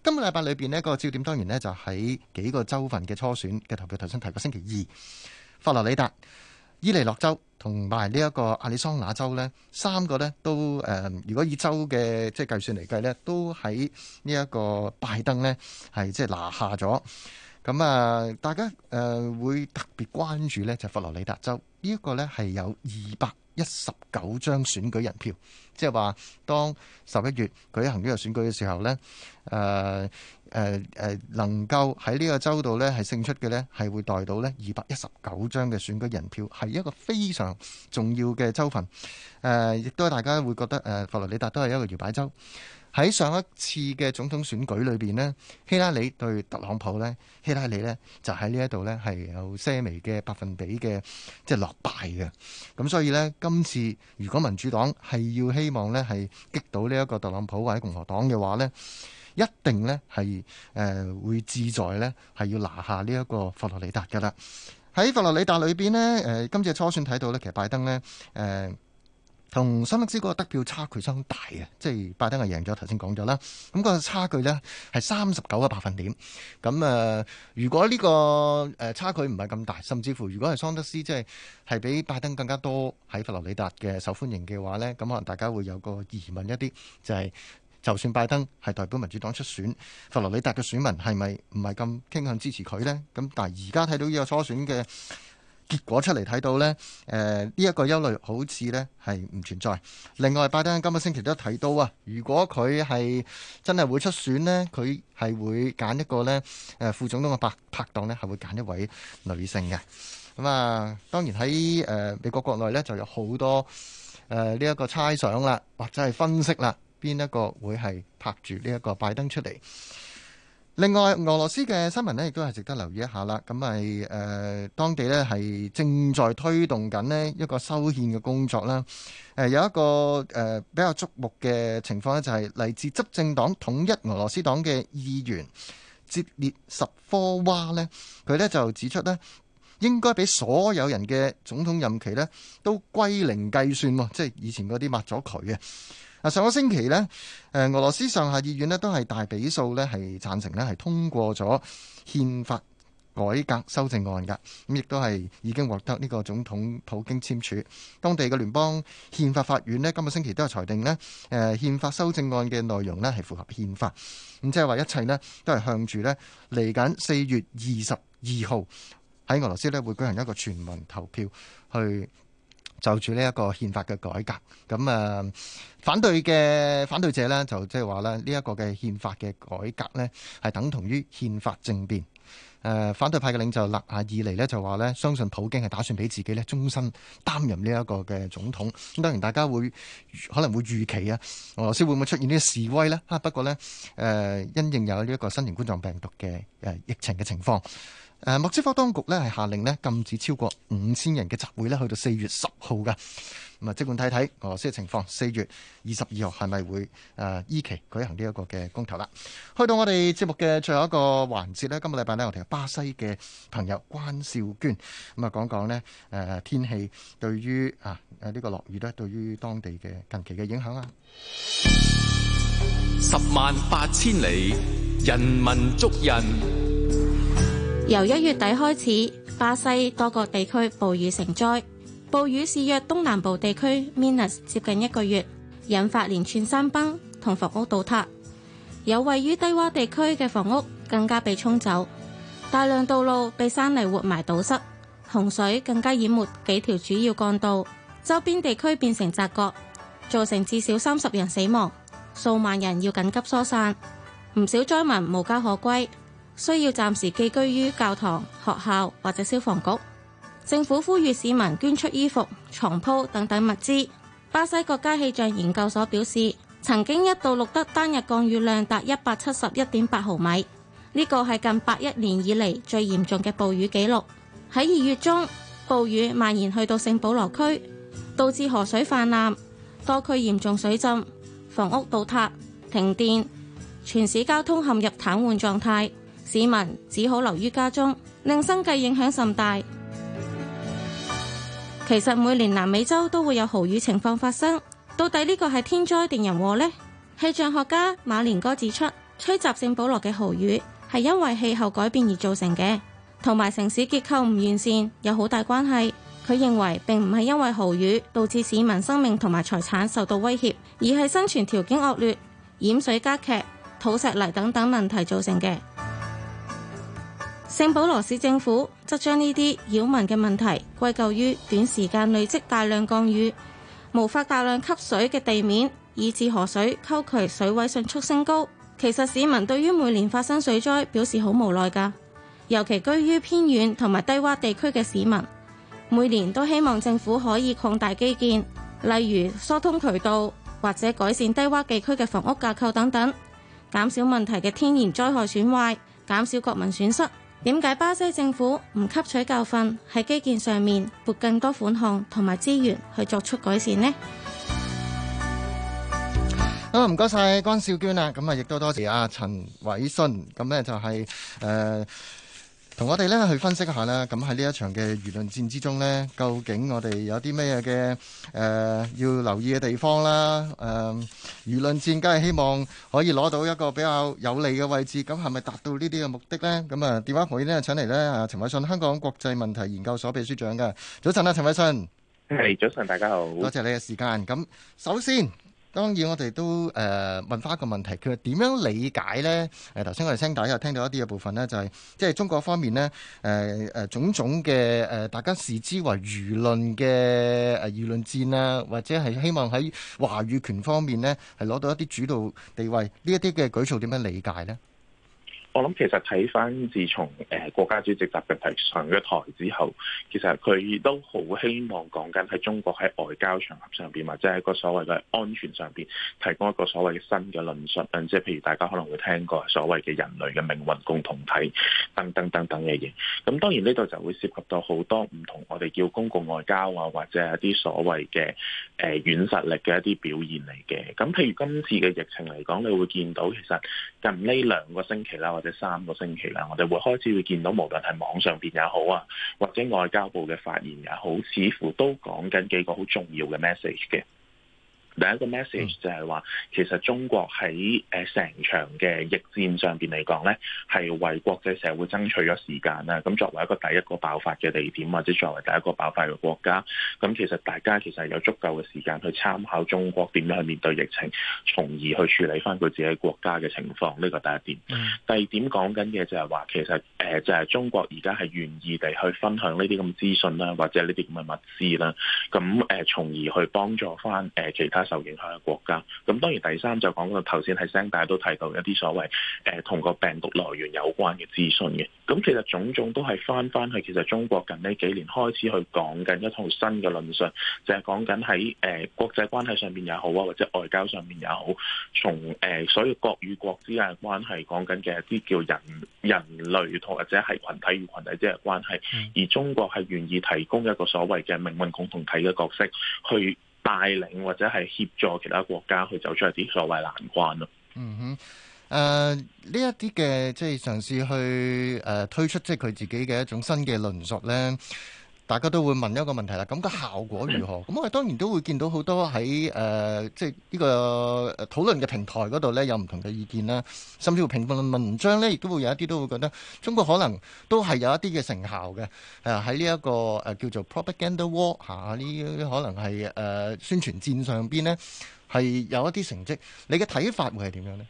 Speaker 1: 今個禮拜裏邊呢，嗰個焦點當然呢，就喺幾個州份嘅初選嘅投票，頭先提過星期二，佛羅里達。伊利諾州同埋呢一個阿里桑那州咧，三個咧都誒，如果以州嘅即係計算嚟計咧，都喺呢一個拜登咧係即係拿下咗。咁啊，大家誒會特別關注咧，就佛羅里達州呢一個咧，係有二百一十九張選舉人票，即係話當十一月舉行呢個選舉嘅時候咧，誒誒誒能夠喺呢個州度咧係勝出嘅咧，係會帶到咧二百一十九張嘅選舉人票，係一個非常重要嘅州份。誒、呃，亦都大家會覺得誒佛羅里達都係一個搖擺州。喺上一次嘅總統選舉裏邊呢，希拉里對特朗普呢，希拉里呢就喺呢一度呢係有些微嘅百分比嘅即係落敗嘅。咁所以呢，今次如果民主黨係要希望呢係擊倒呢一個特朗普或者共和黨嘅話呢一定呢係誒、呃、會志在呢係要拿下呢一個佛羅里達㗎喇。喺佛羅里達裏邊呢，誒、呃、今次初選睇到呢，其實拜登呢。誒、呃。同桑德斯嗰個得票差距相大啊。即係拜登係贏咗頭先講咗啦。咁、個差距呢係三十九個百分點。咁誒、呃，如果呢、呢個誒、呃、差距唔係咁大，甚至乎如果係桑德斯即係係比拜登更加多喺佛羅里達嘅受歡迎嘅話呢，咁可能大家會有個疑問一啲，就係、係、就算拜登係代表民主黨出選，佛羅里達嘅選民係咪唔係咁傾向支持佢呢？咁但係而家睇到呢個初選嘅。結果出嚟睇到呢，誒呢一個憂慮好似呢係唔存在。另外，拜登今個星期都睇到啊，如果佢係真係會出選呢，佢係會揀一個呢誒、呃、副總統嘅拍拍檔呢係會揀一位女性嘅。咁、嗯、啊，當然喺誒、呃、美國國內呢就有好多誒呢一個猜想啦，或者係分析啦，邊一個會係拍住呢一個拜登出嚟。另外，俄羅斯嘅新聞呢亦都係值得留意一下啦。咁係誒當地呢係正在推動緊呢一個修憲嘅工作啦。誒有一個誒比較矚目嘅情況呢、就係，就係嚟自執政黨統一俄羅斯黨嘅議員捷列什科娃呢，佢呢就指出呢應該俾所有人嘅總統任期呢都歸零計算喎，即係以前嗰啲抹咗佢嘅。嗱，上個星期呢，誒俄羅斯上下議院呢都係大比數呢係贊成呢係通過咗憲法改革修正案嘅，咁亦都係已經獲得呢個總統普京簽署。當地嘅聯邦憲法法院呢，今個星期都係裁定呢誒憲法修正案嘅內容呢係符合憲法，咁即係話一切呢都係向住呢嚟緊四月二十二號喺俄羅斯呢會舉行一個全民投票去。就住呢一個憲法嘅改革，咁啊，反對嘅反對者呢，就即係話呢，呢一個嘅憲法嘅改革呢，係等同於憲法政變。誒、呃，反對派嘅領袖立下二嚟呢，就話呢，相信普京係打算俾自己呢，終身擔任呢一個嘅總統。當當然大家會可能會預期啊，俄羅斯會唔會出現呢啲示威呢？不過呢，呃、因應有呢一個新型冠狀病毒嘅、呃、疫情嘅情況。誒，莫斯科當局咧係下令呢禁止超過五千人嘅集會呢去到四月十號嘅。咁啊，即管睇睇俄羅斯嘅情況，四月二十二號係咪會誒依期舉行呢一個嘅公投啦？去到我哋節目嘅最後一個環節呢，今個禮拜呢，我哋嘅巴西嘅朋友關少娟咁啊，講講呢誒天氣對於啊誒呢個落雨呢對於當地嘅近期嘅影響啊。十萬八千里，人民足印。
Speaker 6: 1> 由一月底開始，巴西多個地區暴雨成災，暴雨肆虐東南部地區 minus 接近一個月，引發連串山崩同房屋倒塌，有位於低窪地區嘅房屋更加被沖走，大量道路被山泥活埋堵塞，洪水更加淹沒幾條主要幹道，周邊地區變成澤國，造成至少三十人死亡，數萬人要緊急疏散，唔少災民無家可歸。需要暫時寄居於教堂、學校或者消防局。政府呼籲市民捐出衣服、床鋪等等物資。巴西國家氣象研究所表示，曾經一度錄得單日降雨量達一百七十一點八毫米，呢個係近八一年以嚟最嚴重嘅暴雨記錄。喺二月中，暴雨蔓延去到聖保羅區，導致河水泛濫，多區嚴重水浸，房屋倒塌、停電，全市交通陷入癱瘓狀態。市民只好留於家中，令生計影響甚大。其實每年南美洲都會有豪雨情況發生，到底呢個係天災定人禍呢？氣象學家馬連哥指出，吹襲聖保羅嘅豪雨係因為氣候改變而造成嘅，同埋城市結構唔完善有好大關係。佢認為並唔係因為豪雨導致市民生命同埋財產受到威脅，而係生存條件惡劣、淹水加劇、土石泥等等問題造成嘅。聖保羅市政府則將呢啲擾民嘅問題歸咎於短時間累積大量降雨，無法大量吸水嘅地面，以致河水溝渠水位迅速升高。其實市民對於每年發生水災表示好無奈㗎，尤其居於偏遠同埋低窪地區嘅市民，每年都希望政府可以擴大基建，例如疏通渠道，或者改善低窪地區嘅房屋架構等等，減少問題嘅天然災害損壞，減少國民損失。點解巴西政府唔吸取教訓，喺基建上面撥更多款項同埋資源去作出改善呢？
Speaker 1: 好，唔該晒江少娟啦，咁啊，亦都多謝阿陳偉信，咁咧就係、是、誒。呃同我哋咧去分析下啦，咁喺呢一場嘅輿論戰之中呢，究竟我哋有啲咩嘅誒要留意嘅地方啦？誒、呃、輿論戰梗係希望可以攞到一個比較有利嘅位置，咁係咪達到呢啲嘅目的呢？咁啊，電話會呢，請嚟呢啊陳偉信，香港國際問題研究所秘書長嘅，早晨啊，陳偉信，
Speaker 2: 係早晨大家好，多謝
Speaker 1: 你嘅時間。咁首先。當然我們，我哋都誒問翻一個問題，佢話點樣理解呢？誒頭先我哋聲帶又聽到一啲嘅部分呢就係、是、即係中國方面呢，誒、呃、誒種種嘅誒、呃、大家視之為輿論嘅誒、呃、輿論戰啊，或者係希望喺話語權方面呢，係攞到一啲主導地位，呢一啲嘅舉措點樣理解呢？
Speaker 2: 我諗其實睇翻，自從誒國家主席習近平上咗台之後，其實佢亦都好希望講緊喺中國喺外交場合上邊，或者係一個所謂嘅安全上邊，提供一個所謂嘅新嘅論述。即係譬如大家可能會聽過所謂嘅人類嘅命運共同體等等等等嘅嘢。咁當然呢度就會涉及到好多唔同我哋叫公共外交啊，或者係一啲所謂嘅誒軟實力嘅一啲表現嚟嘅。咁譬如今次嘅疫情嚟講，你會見到其實近呢兩個星期啦。呢三個星期啦，我哋會開始會見到，無論係網上邊也好啊，或者外交部嘅發言也好，似乎都講緊幾個好重要嘅 message 嘅。第一個 message 就係話，其實中國喺誒成場嘅疫戰上邊嚟講咧，係為國際社會爭取咗時間啦。咁作為一個第一個爆發嘅地點，或者作為第一個爆發嘅國家，咁其實大家其實有足夠嘅時間去參考中國點樣去面對疫情，從而去處理翻佢自己國家嘅情況。呢個第一點。第二點講緊嘅就係話，其實誒就係中國而家係願意地去分享呢啲咁嘅資訊啦，或者呢啲咁嘅物資啦，咁誒從而去幫助翻誒其他受影響嘅國家，咁當然第三就講到頭先係聲，大家都提到一啲所謂同、呃、個病毒來源有關嘅資訊嘅，咁其實種種都係翻翻去，其實中國近呢幾年開始去講緊一套新嘅論述，就係講緊喺國際關係上面也好啊，或者外交上面也好，從、呃、所有國與國之間嘅關係講緊嘅一啲叫人人類同或者係群體與群體之間嘅關係，嗯、而中國係願意提供一個所謂嘅命運共同體嘅角色去。帶領或者係協助其他國家去走出一啲所謂難關咯。嗯哼，
Speaker 1: 誒呢一啲嘅即係嘗試去誒、呃、推出即係佢自己嘅一種新嘅論述咧。大家都會問一個問題啦，咁個效果如何？咁我哋當然都會見到好多喺誒、呃，即係呢個討論嘅平台嗰度呢，有唔同嘅意見啦，甚至乎評論文章呢，亦都會有一啲都會覺得中國可能都係有一啲嘅成效嘅，喺呢一個、呃、叫做 propaganda war 吓、啊，呢啲可能係、呃、宣傳戰上邊呢，係有一啲成績。你嘅睇法會係點樣呢？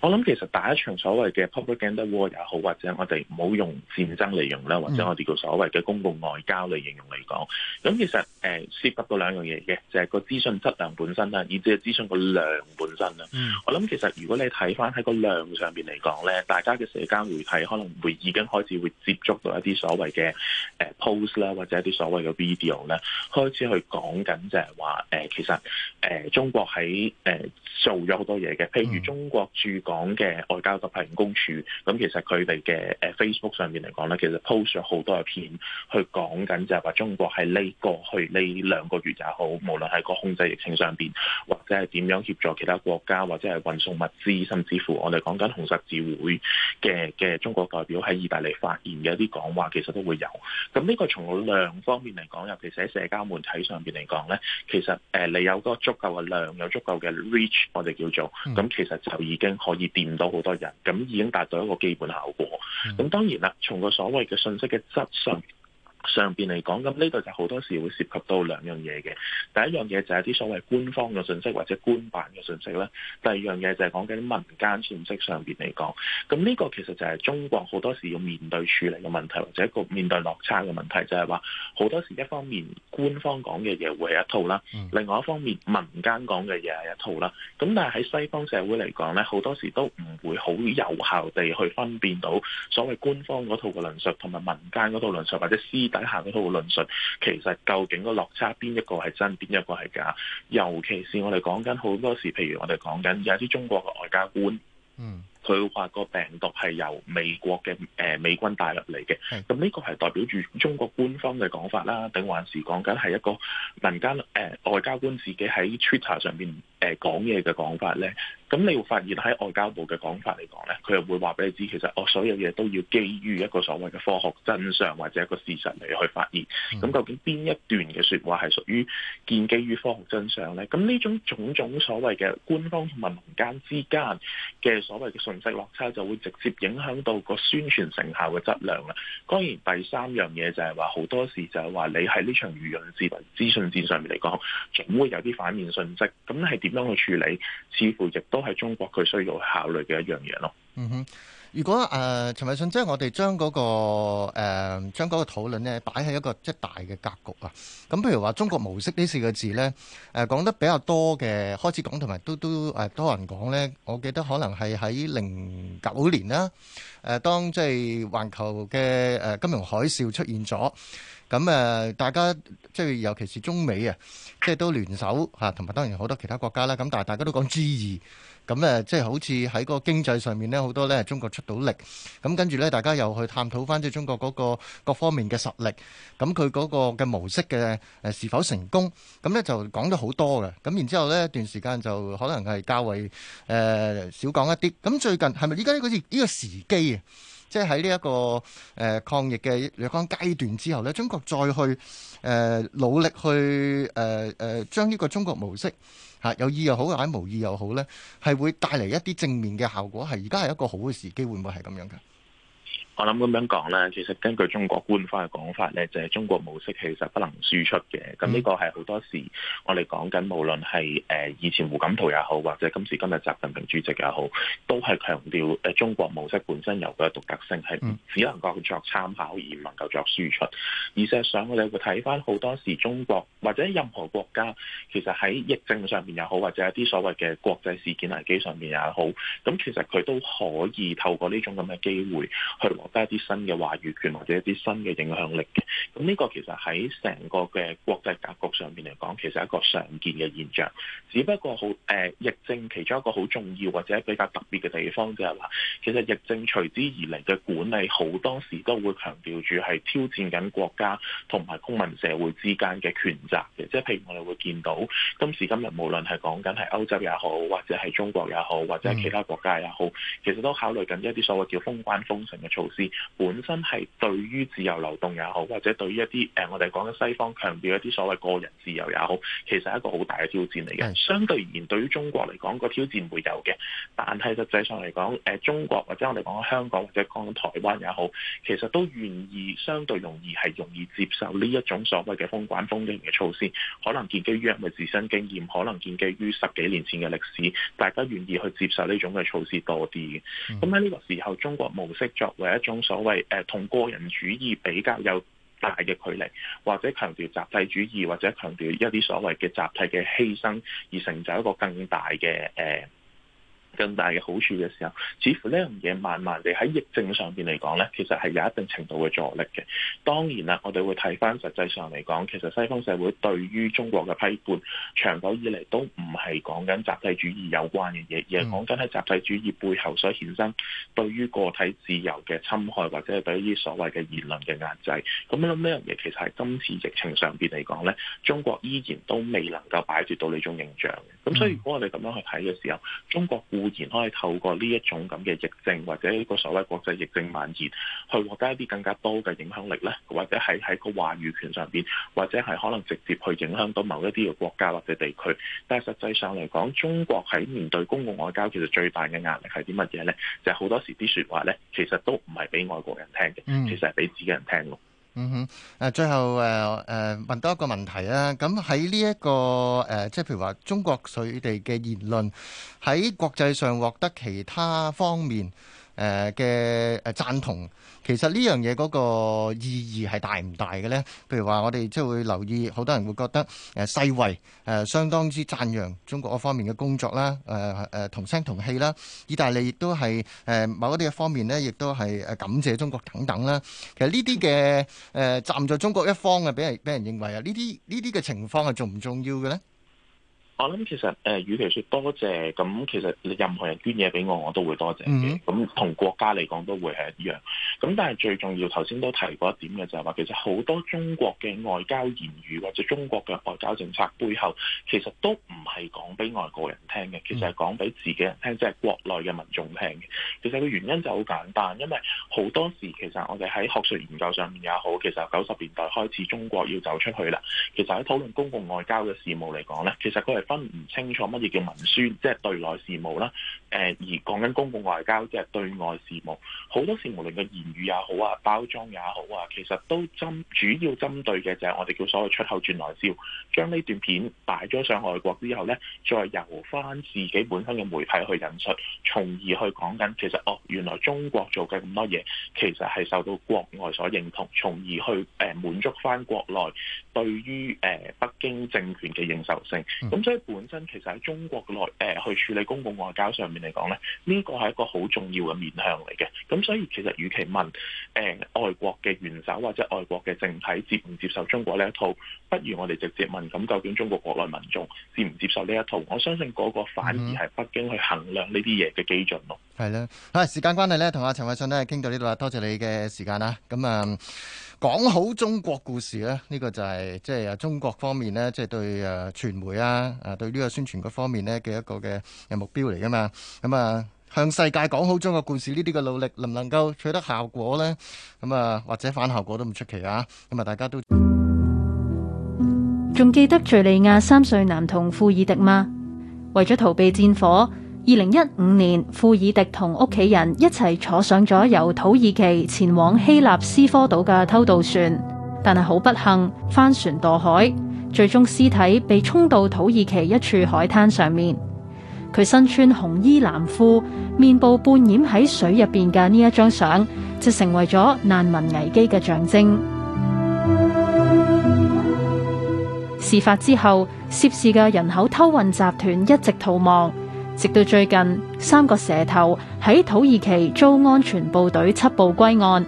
Speaker 1: 我諗其實打一場
Speaker 2: 所謂嘅 propaganda war 也好，或者我哋唔好用戰爭嚟用啦，或者我哋叫所謂嘅公共外交嚟形容嚟講，咁、嗯、其實誒、呃、涉及到兩樣嘢嘅，就係、是、個資訊質量本身啦，以至係資訊個量本身啦。嗯、我諗其實如果你睇翻喺個量上面嚟講咧，大家嘅社交媒體可能會已經開始會接觸到一啲所謂嘅誒 post 啦，或者一啲所謂嘅 video 咧，開始去講緊就係話誒其實誒、呃、中國喺誒、呃、做咗好多嘢嘅，譬如中國。駐港嘅外交及行政公署，咁其實佢哋嘅誒 Facebook 上面嚟講咧，其實 post 咗好多嘅片，去講緊，就係話中國係呢個去呢兩個月就好，無論係個控制疫情上邊，或者係點樣協助其他國家，或者係運送物資，甚至乎我哋講緊紅十字會嘅嘅中國代表喺意大利發言嘅一啲講話其實都會有。咁呢個從量方面嚟講，尤其喺社交媒體上邊嚟講咧，其實誒你有個足夠嘅量，有足夠嘅 reach，我哋叫做咁，其實就已經。可以掂到好多人，咁已經達到一個基本效果。咁當然啦，從個所謂嘅信息嘅質詢，上邊嚟講，咁呢度就好多時會涉及到兩樣嘢嘅。第一樣嘢就係啲所謂官方嘅信息，或者官版嘅信息啦。第二樣嘢就係講緊民間信息上邊嚟講，咁呢個其實就係中國好多時要面對處理嘅問題，或者一個面對落差嘅問題，就係話好多時一方面官方講嘅嘢會係一套啦，嗯、另外一方面民間講嘅嘢係一套啦。咁但係喺西方社會嚟講咧，好多時都唔會好有效地去分辨到所謂官方嗰套嘅論述同埋民間嗰套論述，或者私。底下嗰套論述，其實究竟個落差邊一個係真，邊一個係假？尤其是我哋講緊好多時，譬如我哋講緊有啲中國嘅外交官，嗯。佢話個病毒係由美國嘅誒美軍帶入嚟嘅，咁呢個係代表住中國官方嘅講法啦，定還是講緊係一個民間誒外交官自己喺 Twitter 上面誒講嘢嘅講法咧？咁你會發現喺外交部嘅講法嚟講咧，佢又會話俾你知，其實我所有嘢都要基於一個所謂嘅科學真相或者一個事實嚟去發現，咁究竟邊一段嘅說話係屬於建基於科學真相咧？咁呢種種種所謂嘅官方同民間之間嘅所謂嘅信。落差就會直接影響到個宣傳成效嘅質量啦。當然第三樣嘢就係話好多時就係話你喺呢場輿論資訊資訊戰上面嚟講，總會有啲反面信息。咁係點樣去處理？似乎亦都係中國佢需要考慮嘅一樣嘢咯。嗯哼。
Speaker 1: 如果誒陳偉信，即、呃、係我哋將嗰個誒將嗰個討論呢擺喺一個即係大嘅格局啊。咁譬如話中國模式呢四個字呢，誒、呃、講得比較多嘅，開始講同埋都都誒、啊、多人講呢。我記得可能係喺零九年啦，誒、啊、當即係環球嘅、啊、金融海嘯出現咗，咁、啊、大家即係尤其是中美啊，即係都聯手同埋、啊、當然好多其他國家啦。咁、啊、但係大家都講 G2。咁誒，即係好似喺個經濟上面呢，好多呢中國出到力。咁跟住呢，大家又去探討翻即中國嗰個各方面嘅實力，咁佢嗰個嘅模式嘅誒是否成功？咁呢就講咗好多嘅。咁然之後呢，段時間就可能係較為誒、呃、少講一啲。咁最近係咪依家嗰啲呢個時機啊？即係喺呢一個誒抗疫嘅若干階段之後呢，中國再去誒努力去誒誒將呢個中國模式。嚇有意又好，或者無意又好咧，係會帶嚟一啲正面嘅效果。係而家係一個好嘅時機，會唔會係咁樣嘅？
Speaker 2: 我諗咁樣講咧，其實根據中國官方嘅講法咧，就係中國模式其實不能輸出嘅。咁呢個係好多時我哋講緊，無論係以前胡錦濤也好，或者今時今日習近平主席也好，都係強調中國模式本身有佢嘅獨特性，係只能夠作參考而唔能夠作輸出。而實際上，我哋會睇翻好多時中國或者任何國家，其實喺疫症上面又好，或者一啲所謂嘅國際事件危機上面也好，咁其實佢都可以透過呢種咁嘅機會去。都一啲新嘅話語權或者一啲新嘅影響力嘅。咁呢個其實喺成個嘅國際格局上面嚟講，其實係一個常見嘅現象。只不過好誒，疫症其中一個好重要或者比較特別嘅地方就係話，其實疫症隨之而嚟嘅管理，好多時都會強調住係挑戰緊國家同埋公民社會之間嘅權責嘅。即係譬如我哋會見到今時今日，無論係講緊係歐洲也好，或者係中國也好，或者係其他國家也好，其實都考慮緊一啲所謂叫封關封城嘅措施。本身係對於自由流動也好，或者對於一啲誒，我哋講緊西方強調一啲所謂個人自由也好，其實係一個好大嘅挑戰嚟嘅。的相對而言，對於中國嚟講個挑戰會有嘅，但係實際上嚟講，誒，中國或者我哋講香港或者講台灣也好，其實都願意相對容易係容易接受呢一種所謂嘅封關封境嘅措施，可能建基於人嘅自身經驗，可能建基於十幾年前嘅歷史，大家願意去接受呢種嘅措施多啲嘅。咁喺呢個時候，中國模式作為一種種所謂誒、呃、同個人主義比較有大嘅距離，或者強調集體主義，或者強調一啲所謂嘅集體嘅犧牲，而成就一個更大嘅誒。呃更大嘅好處嘅時候，似乎呢樣嘢慢慢地喺疫症上邊嚟講咧，其實係有一定程度嘅助力嘅。當然啦，我哋會睇翻實際上嚟講，其實西方社會對於中國嘅批判，長久以嚟都唔係講緊集體主義有關嘅嘢，而係講緊喺集體主義背後所衍生對於個體自由嘅侵害，或者係對於所謂嘅言論嘅壓制。咁樣，呢樣嘢其實係今次疫情上邊嚟講咧，中國依然都未能夠擺脫到呢種形象嘅。咁所以如果我哋咁樣去睇嘅時候，中國。然可以透過呢一種咁嘅疫症，或者呢個所謂國際疫症蔓延，去獲得一啲更加多嘅影響力咧，或者係喺個話語權上邊，或者係可能直接去影響到某一啲嘅國家或者地區。但係實際上嚟講，中國喺面對公共外交，其實最大嘅壓力係啲乜嘢咧？就係好多時啲説話咧，其實都唔係俾外國人聽嘅，其實係俾自己人聽咯。
Speaker 1: 嗯哼，最後誒誒、呃呃、問多一個問題啦，咁喺呢一個誒，即、呃、譬如話中國水地嘅言論喺國際上獲得其他方面，誒嘅誒贊同，其實呢樣嘢嗰個意義係大唔大嘅呢？譬如話，我哋即係會留意好多人會覺得誒、呃、世衛誒、呃、相當之讚揚中國方面嘅工作啦，誒、呃、誒、呃、同聲同氣啦，意大利亦都係誒、呃、某一啲嘅方面呢，亦都係誒感謝中國等等啦。其實呢啲嘅誒站在中國一方嘅、啊，俾人俾人認為啊，呢啲呢啲嘅情況係重唔重要嘅呢？
Speaker 2: 我諗其實誒，與、呃、其說多謝，咁、嗯、其實你任何人捐嘢俾我，我都會多謝嘅。咁同、mm hmm. 國家嚟講都會係一樣。咁但係最重要，頭先都提過一點嘅就係、是、話，其實好多中國嘅外交言語或者中國嘅外交政策背後，其實都唔係講俾外國人聽嘅，其實係講俾自己人聽，即、就、係、是、國內嘅民眾聽嘅。其實個原因就好簡單，因為好多時其實我哋喺學術研究上面也好，其實九十年代開始中國要走出去啦，其實喺討論公共外交嘅事務嚟講咧，其實佢係。分唔清楚乜嘢叫文宣，即係對內事務啦。誒， 而講緊公共外交，即係對外事務，好多時，無論嘅言語也好啊，包裝也好啊，其實都針主要針對嘅就係我哋叫所謂出口轉內銷，將呢段片擺咗上外國之後咧，再由翻自己本身嘅媒體去引述，從而去講緊。其實哦，原來中國做嘅咁多嘢，其實係受到國外所認同，從而去誒滿足翻國內對於誒北京政權嘅認受性。咁所以。本身其實喺中國內誒、呃、去處理公共外交上面嚟講咧，呢、這個係一個好重要嘅面向嚟嘅。咁所以其實，與其問誒、呃、外國嘅元首或者外國嘅政體接唔接受中國呢一套，不如我哋直接問：咁究竟中國國內民眾接唔接受呢一套？我相信嗰個反而係北京去衡量呢啲嘢嘅基準咯。
Speaker 1: 係啦，好，時間關係咧，同阿陳偉信咧傾到呢度啦，多謝你嘅時間啦，咁啊。嗯講好中國故事呢，呢個就係即係啊中國方面呢，即係對誒傳媒啊，啊對呢個宣傳嗰方面呢嘅一個嘅目標嚟㗎嘛。咁啊，向世界講好中國故事呢啲嘅努力，能唔能夠取得效果呢？咁啊，或者反效果都唔出奇啊。咁啊，大家都
Speaker 3: 仲記得敘利亞三歲男童庫爾迪嗎？為咗逃避戰火。二零一五年，庫爾迪同屋企人一齊坐上咗由土耳其前往希臘斯科島嘅偷渡船，但係好不幸，翻船墮海，最終屍體被沖到土耳其一處海灘上面。佢身穿紅衣藍褲，面部半掩喺水入邊嘅呢一張相，就成為咗難民危機嘅象徵。事發之後，涉事嘅人口偷運集團一直逃亡。直到最近，三個蛇頭喺土耳其遭安全部隊緝捕歸案。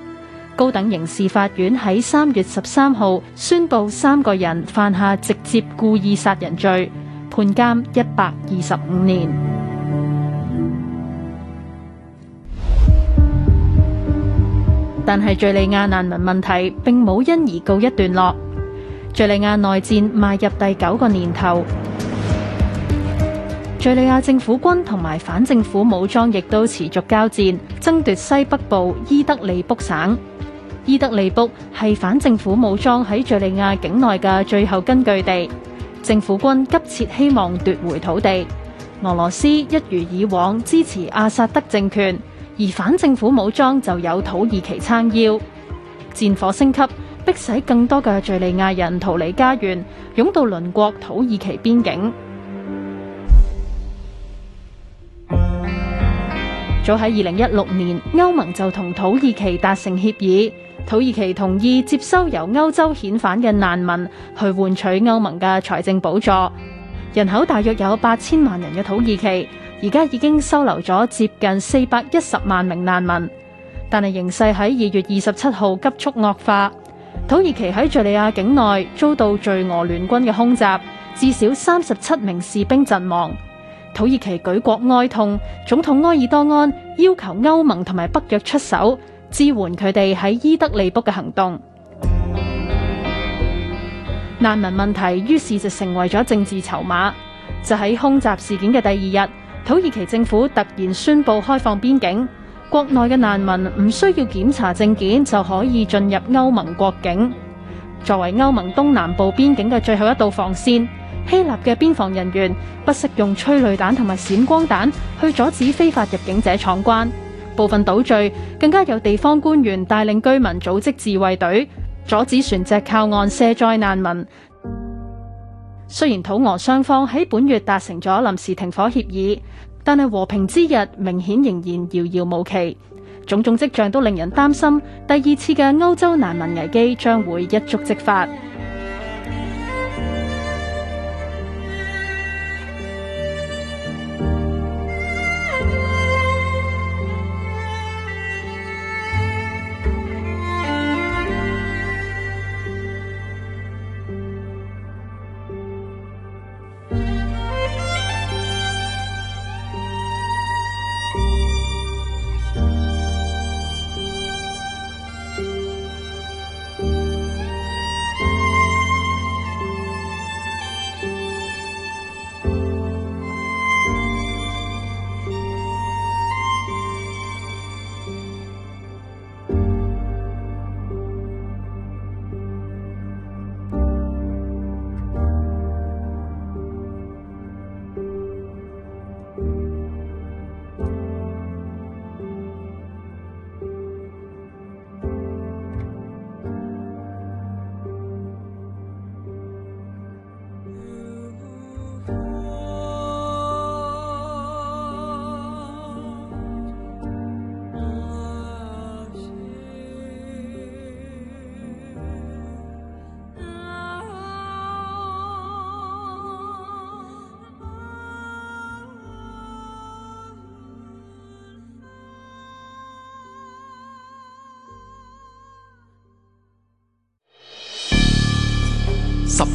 Speaker 3: 高等刑事法院喺三月十三號宣布，三個人犯下直接故意殺人罪，判監一百二十五年。但係敍利亞難民問題並冇因而告一段落。敍利亞內戰邁入第九個年頭。敘利亞政府軍同埋反政府武裝亦都持續交戰，爭奪西北部伊德利卜省。伊德利卜係反政府武裝喺敘利亞境內嘅最後根據地，政府軍急切希望奪回土地。俄羅斯一如以往支持阿薩德政權，而反政府武裝就有土耳其撐腰。戰火升級，迫使更多嘅敘利亞人逃離家園，湧到鄰國土耳其邊境。早喺二零一六年，歐盟就同土耳其達成協議，土耳其同意接收由歐洲遣返嘅難民，去換取歐盟嘅財政補助。人口大約有八千萬人嘅土耳其，而家已經收留咗接近四百一十萬名難民。但係形勢喺二月二十七號急速惡化，土耳其喺敘利亞境內遭到敘俄聯軍嘅空襲，至少三十七名士兵陣亡。土耳其舉國哀痛，總統埃爾多安要求歐盟同埋北約出手支援佢哋喺伊德利卜嘅行動。難民問題於是就成為咗政治籌碼。就喺空襲事件嘅第二日，土耳其政府突然宣布開放邊境，國內嘅難民唔需要檢查證件就可以進入歐盟國境。作為歐盟東南部邊境嘅最後一道防線。希臘嘅邊防人員不惜用催淚彈同埋閃光彈去阻止非法入境者闖關，部分島嶼更加有地方官員帶領居民組織自衛隊阻止船隻靠岸卸載難民。雖然土俄雙方喺本月達成咗臨時停火協議，但係和平之日明顯仍然遙遙無期，種種迹象都令人擔心第二次嘅歐洲難民危機將會一觸即發。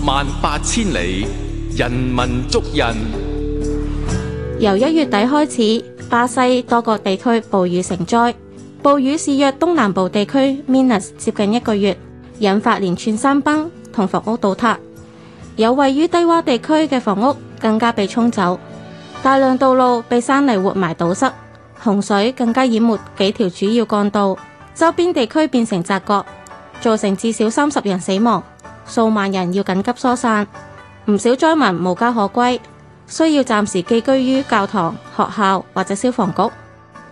Speaker 1: 萬八千里，人民足印。
Speaker 6: 由一月底開始，巴西多個地區暴雨成災，暴雨肆虐東南部地區 Minas 接近一個月，引發連串山崩同房屋倒塌，有位於低洼地區嘅房屋更加被沖走，大量道路被山泥活埋堵塞，洪水更加淹沒幾條主要幹道，周邊地區變成澤國，造成至少三十人死亡。數萬人要緊急疏散，唔少災民無家可歸，需要暫時寄居於教堂、學校或者消防局。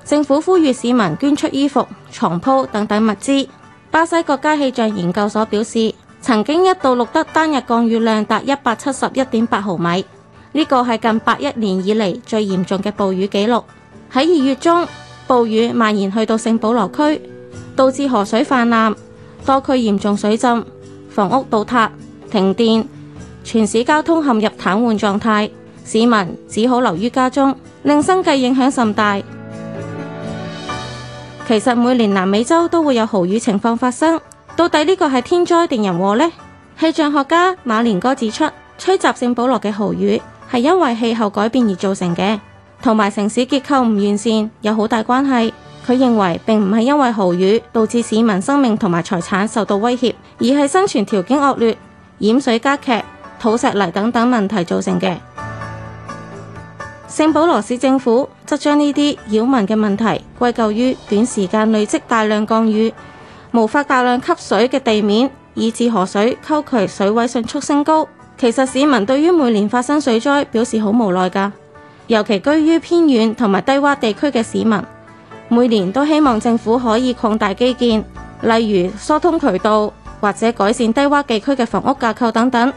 Speaker 6: 政府呼籲市民捐出衣服、床鋪等等物資。巴西國家氣象研究所表示，曾經一度錄得單日降雨量達一百七十一點八毫米，呢個係近八一年以嚟最嚴重嘅暴雨記錄。喺二月中，暴雨蔓延去到聖保羅區，導致河水泛濫，多區嚴重水浸。房屋倒塌、停電，全市交通陷入癱瘓狀態，市民只好留於家中，令生計影響甚大。其實每年南美洲都會有豪雨情況發生，到底呢個係天災定人禍呢？氣象學家馬連哥指出，吹襲聖保羅嘅豪雨係因為氣候改變而造成嘅，同埋城市結構唔完善有好大關係。佢認為並唔係因為豪雨導致市民生命同埋財產受到威脅，而係生存條件惡劣、淹水加劇、土石泥等等問題造成嘅。聖保羅市政府則將呢啲擾民嘅問題歸咎於短時間累積大量降雨，無法大量吸水嘅地面，以致河水溝渠水位迅速升高。其實市民對於每年發生水災表示好無奈㗎，尤其居於偏遠同埋低窪地區嘅市民。每年都希望政府可以擴大基建，例如疏通渠道，或者改善低洼地區嘅房屋架構等等，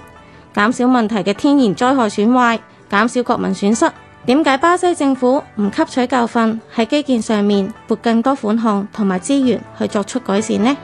Speaker 6: 減少問題嘅天然災害損壞，減少國民損失。點解巴西政府唔吸取教訓，喺基建上面撥更多款項同埋資源去作出改善呢？